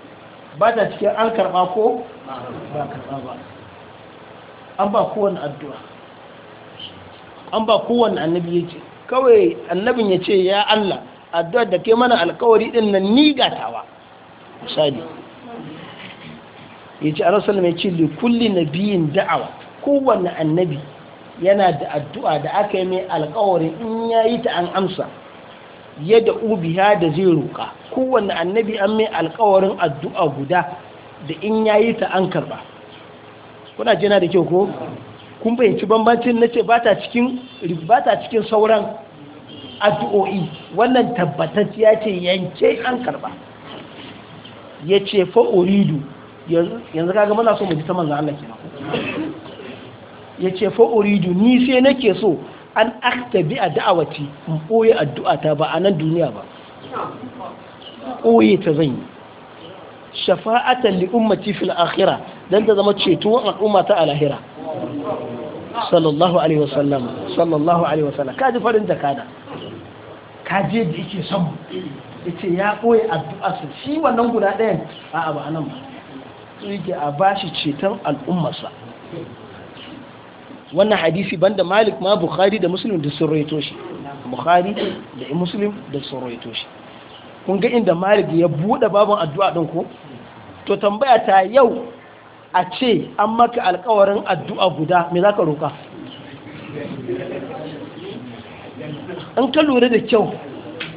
ba ta cikin an karɓa ko ba karɓa ba an ba kowane addu'a an ba kowane annabi ya ce kawai annabin ya ce ya Allah addu'ar da ke mana alkawari ɗin na ni gatawa misali ya ce a rasul mai ce na biyin da'awa kowane annabi yana da addu'a da aka yi mai alƙawarin in ya yi ta an amsa yadda ubiya da zai roƙa kowane annabi an mai alƙawarin addu'a guda da in ya yi ta an karɓa kuna jina da kyau ko kun bayyanci bambancin na ce ba ta cikin sauran addu'o'i wannan ya ce yanke an karɓa ya ce fa'oridu yanzu kaga mana so mu ji ta manzan Allah ya ce fa'uridu ni sai nake so an aktabi a da'awati in ɓoye addu'ata ba a nan duniya ba ɓoye ta zan yi shafa'atan li ummati fil akhira dan ta zama ceto al'umma ta alahira sallallahu alaihi wasallam sallallahu alaihi wasallam ji farin da Ka je da yake son yace ya koyi addu'a su shi wannan guda ɗayan a'a ba anan ba yake a bashi ceton al'ummarsa wannan hadisi ban da malik ma bukhari da muslim da sun raito shi bukhari da muslim da sun raito shi kun ga inda malik ya buɗe babin addu'a ɗin ko to tambaya ta yau a ce an maka alkawarin addu'a guda me za ka roƙa an ka lura da kyau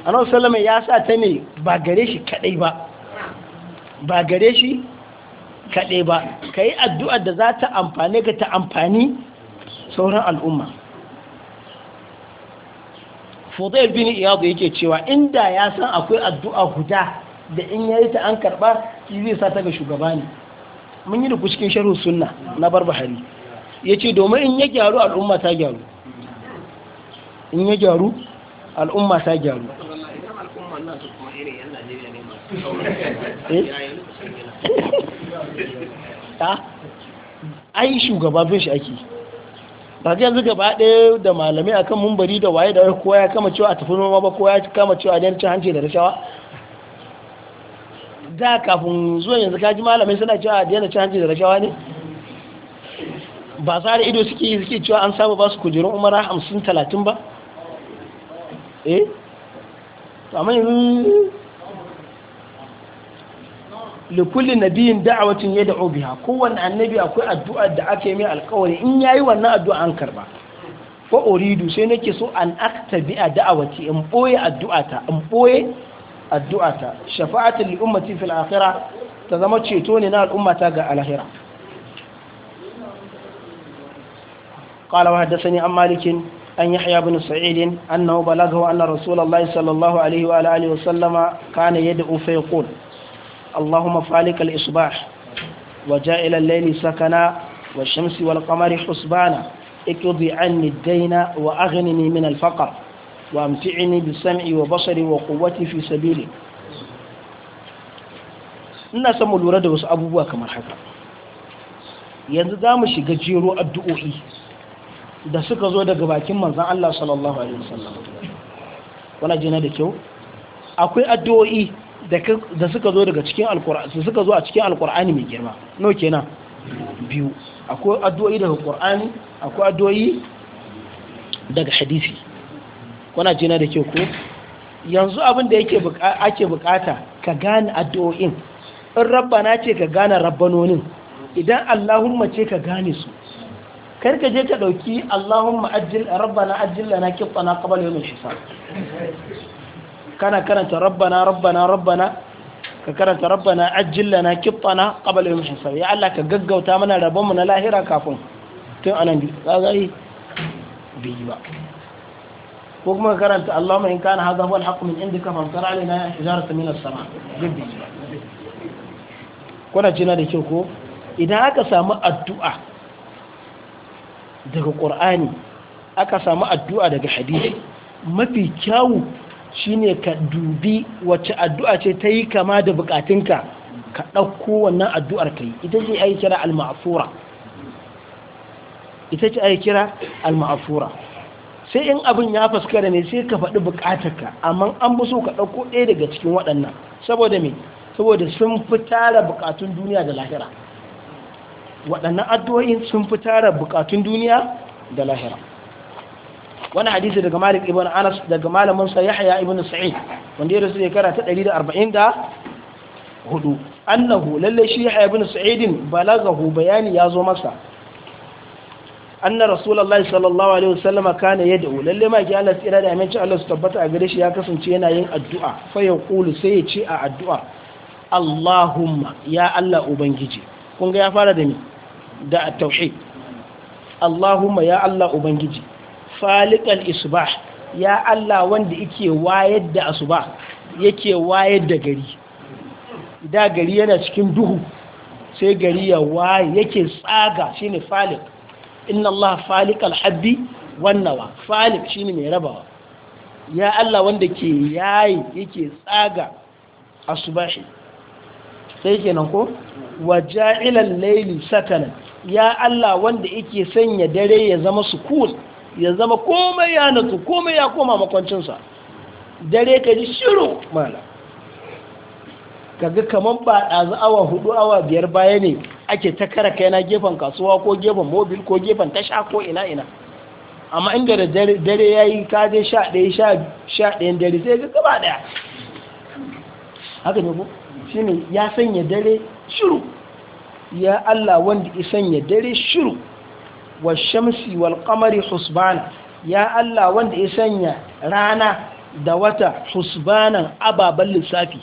anan salama ya sa ta ne ba gare shi kaɗai ba ba gare shi kaɗai ba ka yi addu'ar da za ta amfani ka ta amfani sauran al'umma Fodayar bin iyadu yake cewa inda ya san akwai addu'a guda da in yayi ta an karɓa shi zai sa ta ga shugaba ne mun yi da cikin sharhu sunna na barbahari ce domin in ya gyaru al'umma ta gyaru in ya gyaru al'umma ta gyaru eh? ah? ai shugaba bin shi ake ba ji yanzu gaba ɗaya da malamai akan mumbari da waye da kowa ya kama cewa a tafi noma ba kowa ya kama cewa a cin hanci da rashawa da kafin zuwa yanzu kaji malamai suna cewa a daina cin hanci da rashawa ne ba sa da ido suke suke cewa an saba ba su kujerun umara hamsin talatin ba eh amma yanzu likulli nabiyin da'awatin ya da'o biha kowanne annabi akwai addu'a da ake mai alkawari in yayi wannan addu'a an karba fa uridu sai nake so an bi a da'awati in boye addu'ata in boye addu'ata shafa'atu li ummati fil akhirah ta zama ceto ne na al'ummata ga alahira قال وحدثني عن مالك أن يحيى بن سعيد أنه بلغه أن رسول الله صلى الله عليه وآله وسلم كان يدعو فيقول اللهم فالق الإصباح وجائل الليل سكنا والشمس والقمر حسبانا اقضي عني الدين وأغنني من الفقر وامتعني بالسمع wa وقوتي في سبيلي ina son mu lura da wasu abubuwa kamar haka yanzu za mu shiga jero addu'o'i da suka zo daga bakin manzan Allah sallallahu Alaihi wasallam wana jina da kyau akwai addu'o'i da suka zo daga cikin alkur'ani suka zo a cikin alkur'ani mai girma no kenan biyu akwai addu'o'i daga qur'ani akwai addu'o'i daga hadisi kuna jina da ke ko yanzu abin da yake ake bukata ka gane addu'o'in in rabbana ce ka gane rabbanonin idan allahumma ce ka gane su kar ka je ka dauki allahumma ajil rabbana ajil lana qibtana qabla yawm hisab kana karanta rabbana rabbana rabbana ka karanta rabbana lana qittana qabla yawm hisab ya Allah ka gaggauta mana rabban mu na lahira kafin tun anan bi kaga yi bi ba ko kuma karanta Allahumma in kana hadha huwa alhaq min indika amtar alaina hijaratan min as-sama bi ba kuna jina da kyau ko idan aka samu addu'a daga qur'ani aka samu addu'a daga hadisi mafi kyawu shine ka dubi wacce addu'a ce ta yi kama da bukatunka ka ɗauko wannan addu'ar ka yi ita ce ai kira al ita ce kira al-ma'fura sai in abin ya fuskara ne sai ka faɗi ka. amma an bi so ka ɗauko ɗaya daga cikin waɗannan saboda me saboda sun fi tara bukatun duniya da lahira waɗannan addu'o'in sun fi tara bukatun duniya da lahira wani hadisi daga malik ibn anas daga malamin sa yahya ibn sa'id wanda ya rasu shekara ta 144 annahu lalle shi yahya ibn sa'id balagahu bayani ya zo masa anna rasulullahi sallallahu alaihi wasallam kana yad'u lalle ma ki Allah tsira da aminci Allah su tabbata a gare shi ya kasance yana yin addu'a fa yaqulu sai ya ce a addu'a Allahumma ya Allah ubangiji kun ga ya fara da ni da at-tauhid Allahumma ya Allah ubangiji falikan isba ya Allah wanda yake wayar da asuba yake wayar da gari da gari yana cikin duhu sai gari ya waye yake tsaga shine falik inna Allah falikal habbi nawa falik shine mai rabawa ya Allah wanda ke yayi yake tsaga shi sai kenan ko waja'ilal layli sakana ya Allah wanda yake sanya dare ya zama sukun ya zama komai ya natsu komai ya koma makwancinsa dare ka ji shiru mana kaga kamar ba ɗazu awa hudu awa biyar baya ne ake ta kara kaina gefen kasuwa ko gefen mobil ko gefen tasha ko ina ina amma inda da dare ya yi kaje sha ɗaya sha ɗayan dare sai ga gaba ɗaya haka ne ko ne ya sanya dare shiru ya Allah wanda ya sanya dare shiru wa shamsi wal qamari husbana ya Allah wanda ya sanya rana da wata husbanan ababen lissafi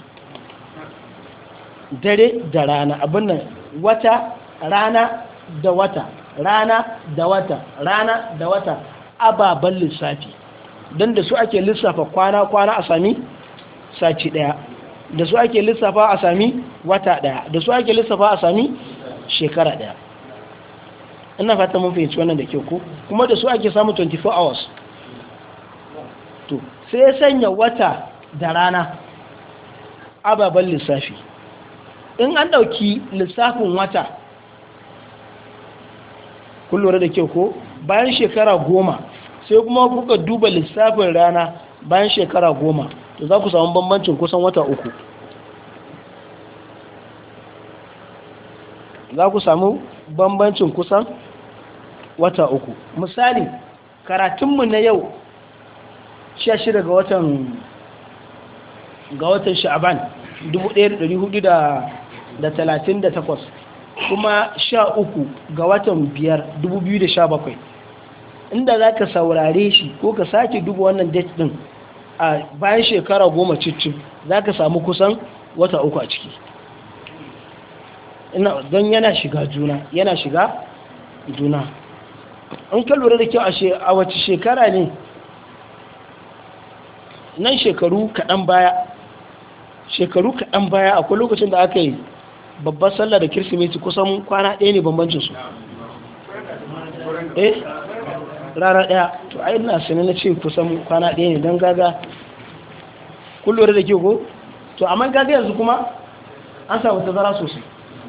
dare da rana abin nan wata rana da wata rana da wata rana da wata ababen lissafi don da su ake lissafa kwana-kwana a sami saci daya da su ake lissafa a sami wata daya da su ake lissafa a sami shekara daya ina fata mun fahimci wannan da ke ku kuma da su ake samu 24 hours to sai ya sanya wata da rana ababen lissafi in an ɗauki lissafin wata kullum da ke ko bayan shekara goma sai kuma kuka duba lissafin rana bayan shekara goma to za ku samu bambancin kusan wata uku za ku samu bambancin kusan wata uku misali karatunmu na yau shida ga watan ga watan sha'aban 1438 kuma sha uku ga watan biyar 2017 inda za ka saurare shi ko ka sake duba wannan date din a bayan shekara goma ciccin, za ka samu kusan wata uku a ciki don yana shiga juna yana shiga juna an ka lura da kyau a wace shekara ne nan shekaru kaɗan baya shekaru kaɗan baya akwai lokacin da aka yi babbar sallah da kirsimeti kusan kwana ɗaya ne bambancin su eh rana ɗaya to yi na sanar na ce kusan kwana ɗaya ne don gaga kun lura da kyau ko to amma gaga yanzu kuma an samu tazara sosai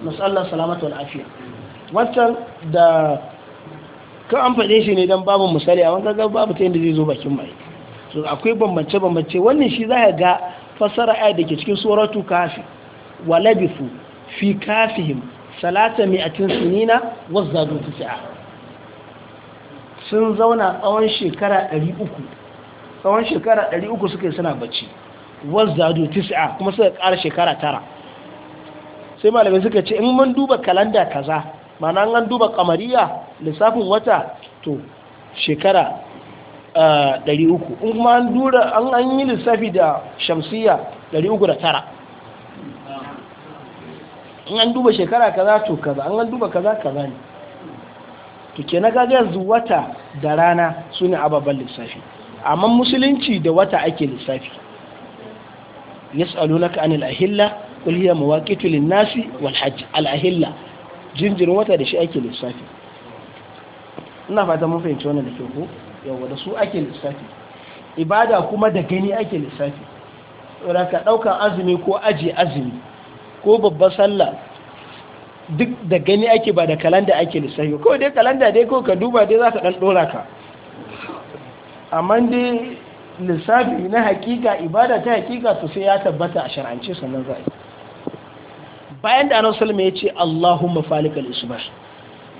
masu Allah salamatu wal afiya wancan da kan an faɗe shi ne don babu misali a wanka babu ta yadda zai zo bakin mai so akwai bambance-bambance wannan shi za ka ga fassara ayat da ke cikin suratu kafi wa labifu fi kafihim salata mi'atin sinina wazzadu tis'a sun zauna tsawon shekara 300 tsawon shekara 300 suka yi suna bacci wazzadu tis'a kuma suka ƙara shekara tara sai malamai suka ce in mun duba kalanda kaza ma'ana an duba kamariya lissafin wata to shekara ɗari uku in kuma an dura an an yi lissafi da shamsiya ɗari uku da tara in an duba shekara kaza to kaza an an duba kaza kaza ne to ke na gaga yanzu wata da rana su ne ababen lissafi amma musulunci da wata ake lissafi ka anil ahilla qul hiya mawaqitu lin-nasi wal hajj al-ahilla jinjirin wata da shi ake lissafi ina fata mun fahimci wannan da ke ko yawa da su ake lissafi ibada kuma da gani ake lissafi ka ɗaukar azumi ko aji azumi ko babbar sallah duk da gani ake ba da kalanda ake lissafi ko dai kalanda dai ko ka duba dai za ka ɗan ɗora ka amma dai lissafi na hakika ibada ta hakika to sai ya tabbata a shar'ance sannan za a yi bayan da salma ya ce allahumma falikal isbar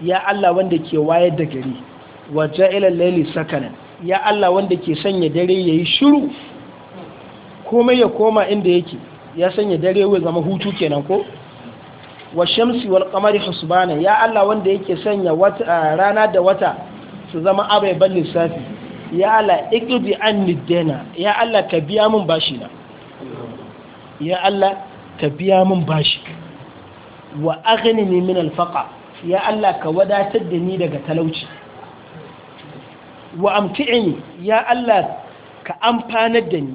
ya Allah wanda ke wayar da gari wa ja'ilal layli sakanan ya Allah wanda ke sanya dare ya yi shiru komai ya koma inda yake ya sanya dare wai zama hutu kenan ko wa shamsi wal qamari husbana ya Allah wanda yake sanya wata rana da wata su zama abai ban lissafi ya Allah iqdi anni dana ya Allah ka biya min bashi na ya Allah ka biya min bashi wa aghnini min al faqa ya Allah ka wadatar da ni daga talauci wa amti'ini ya Allah ka amfanar da ni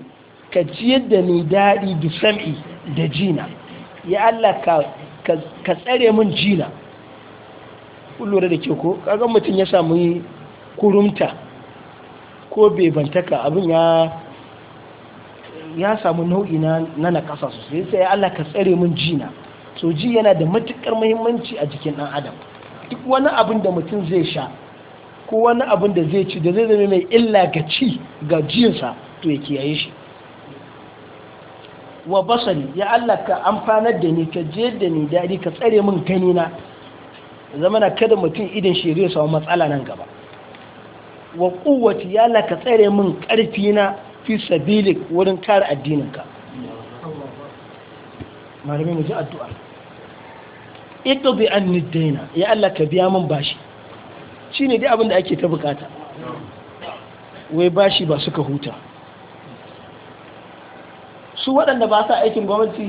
ka ciyar da ni daɗi da sam'i da jina ya Allah ka tsare min jina lura da ke ko kaga mutum ya samu kurumta ko bebantaka abin ya ya samu nau'i na na kasa sosai sai Allah ka tsare min jina Soji yana da matukar muhimmanci a jikin ɗan adam duk wani abin da mutum zai sha ko wani abin da zai ci da zai zama mai illa ga ci ga jinsa to ya kiyaye shi wa basari ya Allah ka amfanar da ni ka je da ni daɗi ka tsare min na. zama na kada mutum idan shi zai samu matsala nan gaba wa kuwati ya Allah ka tsare min ƙarfi na fi sabilik wurin kare addininka malami mu ji addu'a an anni daina ya Allah ka biya min bashi ne dai abin da ake ta bukata wai bashi ba suka huta su waɗanda ba sa aikin gwamnati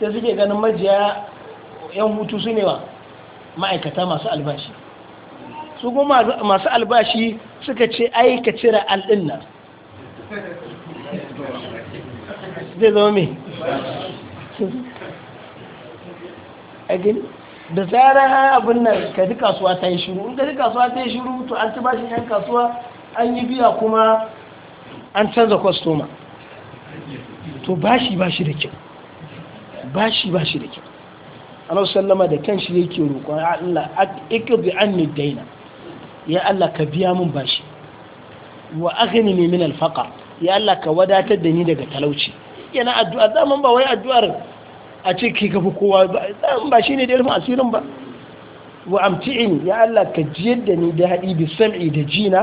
sai suke ganin majiya yan hutu su ne wa ma'aikata masu albashi su goma masu albashi suka ce ai ka cire al'inna zai zama mai agin da tsarin abin nan ka ji kasuwa ta yi shiru in ka ji kasuwa ta yi shiru to an ci bashin yan kasuwa an yi biya kuma an canza kwastoma to bashi bashi da kyau bashi bashi da kyau Allah sallama da kanshi yake roƙon Allah ikbi anni daina ya Allah ka biya min bashi wa aghnini min al ya Allah ka wadatar da ni daga talauci kenan addu'a daman ba wai addu'ar a ce ki kafi kowa ba ba shine da irin asirin ba wa amti'in ya Allah ka jiyar da ni da haɗi bi sam'i da jina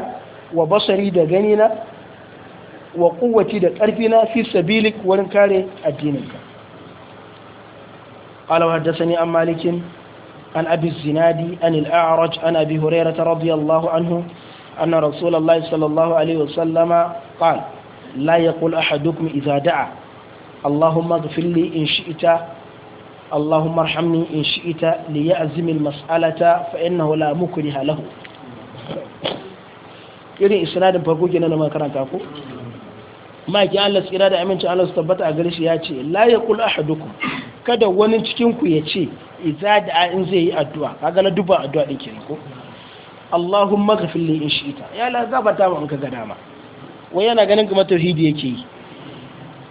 wa basari da ganina wa ƙuwati da ƙarfina fi sabilik wurin kare addininka قال an عن مالك عن أبي الزناد an الأعرج عن أبي هريرة رضي الله عنه أن رسول الله صلى الله عليه وسلم قال لا يقول أحدكم إذا دعا Allahumma اغفر in إن Allahumma اللهم in إن شئت ya'zim المسألة masalata لا innahu له mukriha إسناد irin إننا ما كران na ما ko maki Allah tsira da aminci Allah su tabbata a gare shi ya ce la yaqul ahadukum kada wani cikin ku ya ce idza da in zai yi addu'a kaga na duba addu'a din kenan ko Allahumma ghafir li in shi'ita ya la in ka ga dama wai yana ganin kuma tauhidi yake yi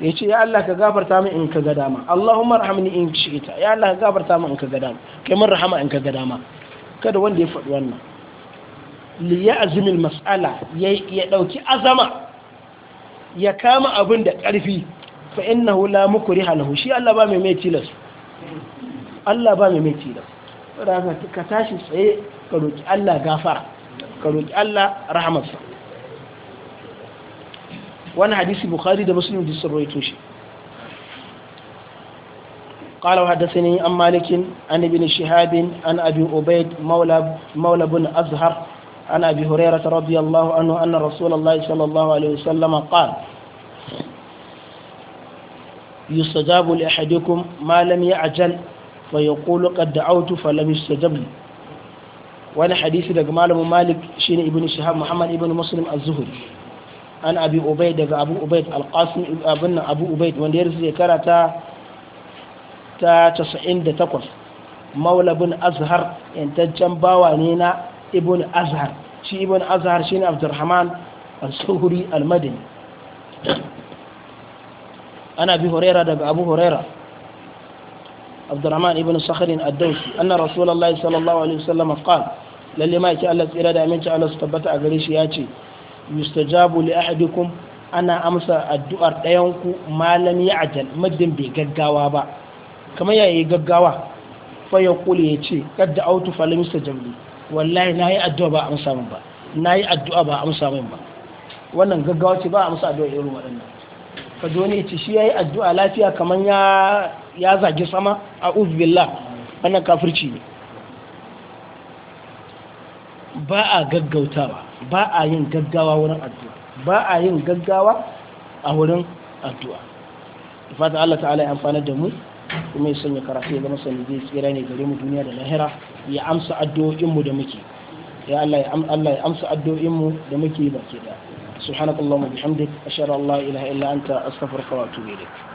ya ce ya Allah ka gafarta min in ka ga dama Allahumma rahamni in shi'ita ya Allah ka gafarta min in ka ga dama kai mun rahama in ka ga dama kada wanda ya faɗi wannan li ya al mas'ala ya dauki azama ya kama abin da ƙarfi fa innahu la mukriha lahu shi Allah ba mai mai tilas Allah ba mai mai tilas saboda ka tashi tsaye ka roki Allah gafara ka roki Allah rahamarsa wani hadisi bukhari da muslim da sun rawaito shi قال وحدثني عن مالك عن ابن شهاب عن ابي عبيد مولى مولى بن ازهر عن ابي هريره رضي الله عنه ان رسول الله صلى الله عليه وسلم قال يستجاب لأحدكم ما لم يعجل فيقول قد دعوت فلم يستجب لي وانا حديث دق مالك مالك شين ابن شهاب محمد ابن مسلم الزهري an abi ubaid daga abu ubaid alqasim ibn abu ubaid wanda ya rasu shekara ta ta 98 maula bin azhar yantaccen bawa ne na ibn azhar shi ibn azhar ne abdurrahman al-suhri al-madani ana bi huraira daga abu huraira abdurrahman ibn sakhr ad-dawsi anna rasulullahi sallallahu alaihi wasallam qala lalle mai ki Allah tsira da aminci Allah su tabbata a gare shi ya ce yustajabu li ahadikum ana amsa addu'ar ku malam ya ajal madin bai gaggawa ba kamar yayi gaggawa fa ya kula ya ce kadda autu falam yustajabli wallahi nayi addu'a ba amsa min ba nayi addu'a ba amsa min ba wannan gaggawa ce ba amsa addu'a irin waɗannan ka doni ne ce shi yayi addu'a lafiya kamar ya ya zagi sama a'udhu billah wannan kafirci ne ba a gaggautawa ba a yin gaggawa wurin addu'a ba a yin gaggawa a wurin addu'a fata Allah ta'ala ya amfana da mu kuma ya sanya karatu ya zama sanadiyar tsira ne gare mu duniya da lahira ya amsa addu'o'inmu da muke ya Allah ya amsa addu'o'inmu da muke baki da subhanakallahumma bihamdik ashhadu an la ilaha illa anta astaghfiruka wa atubu ilayk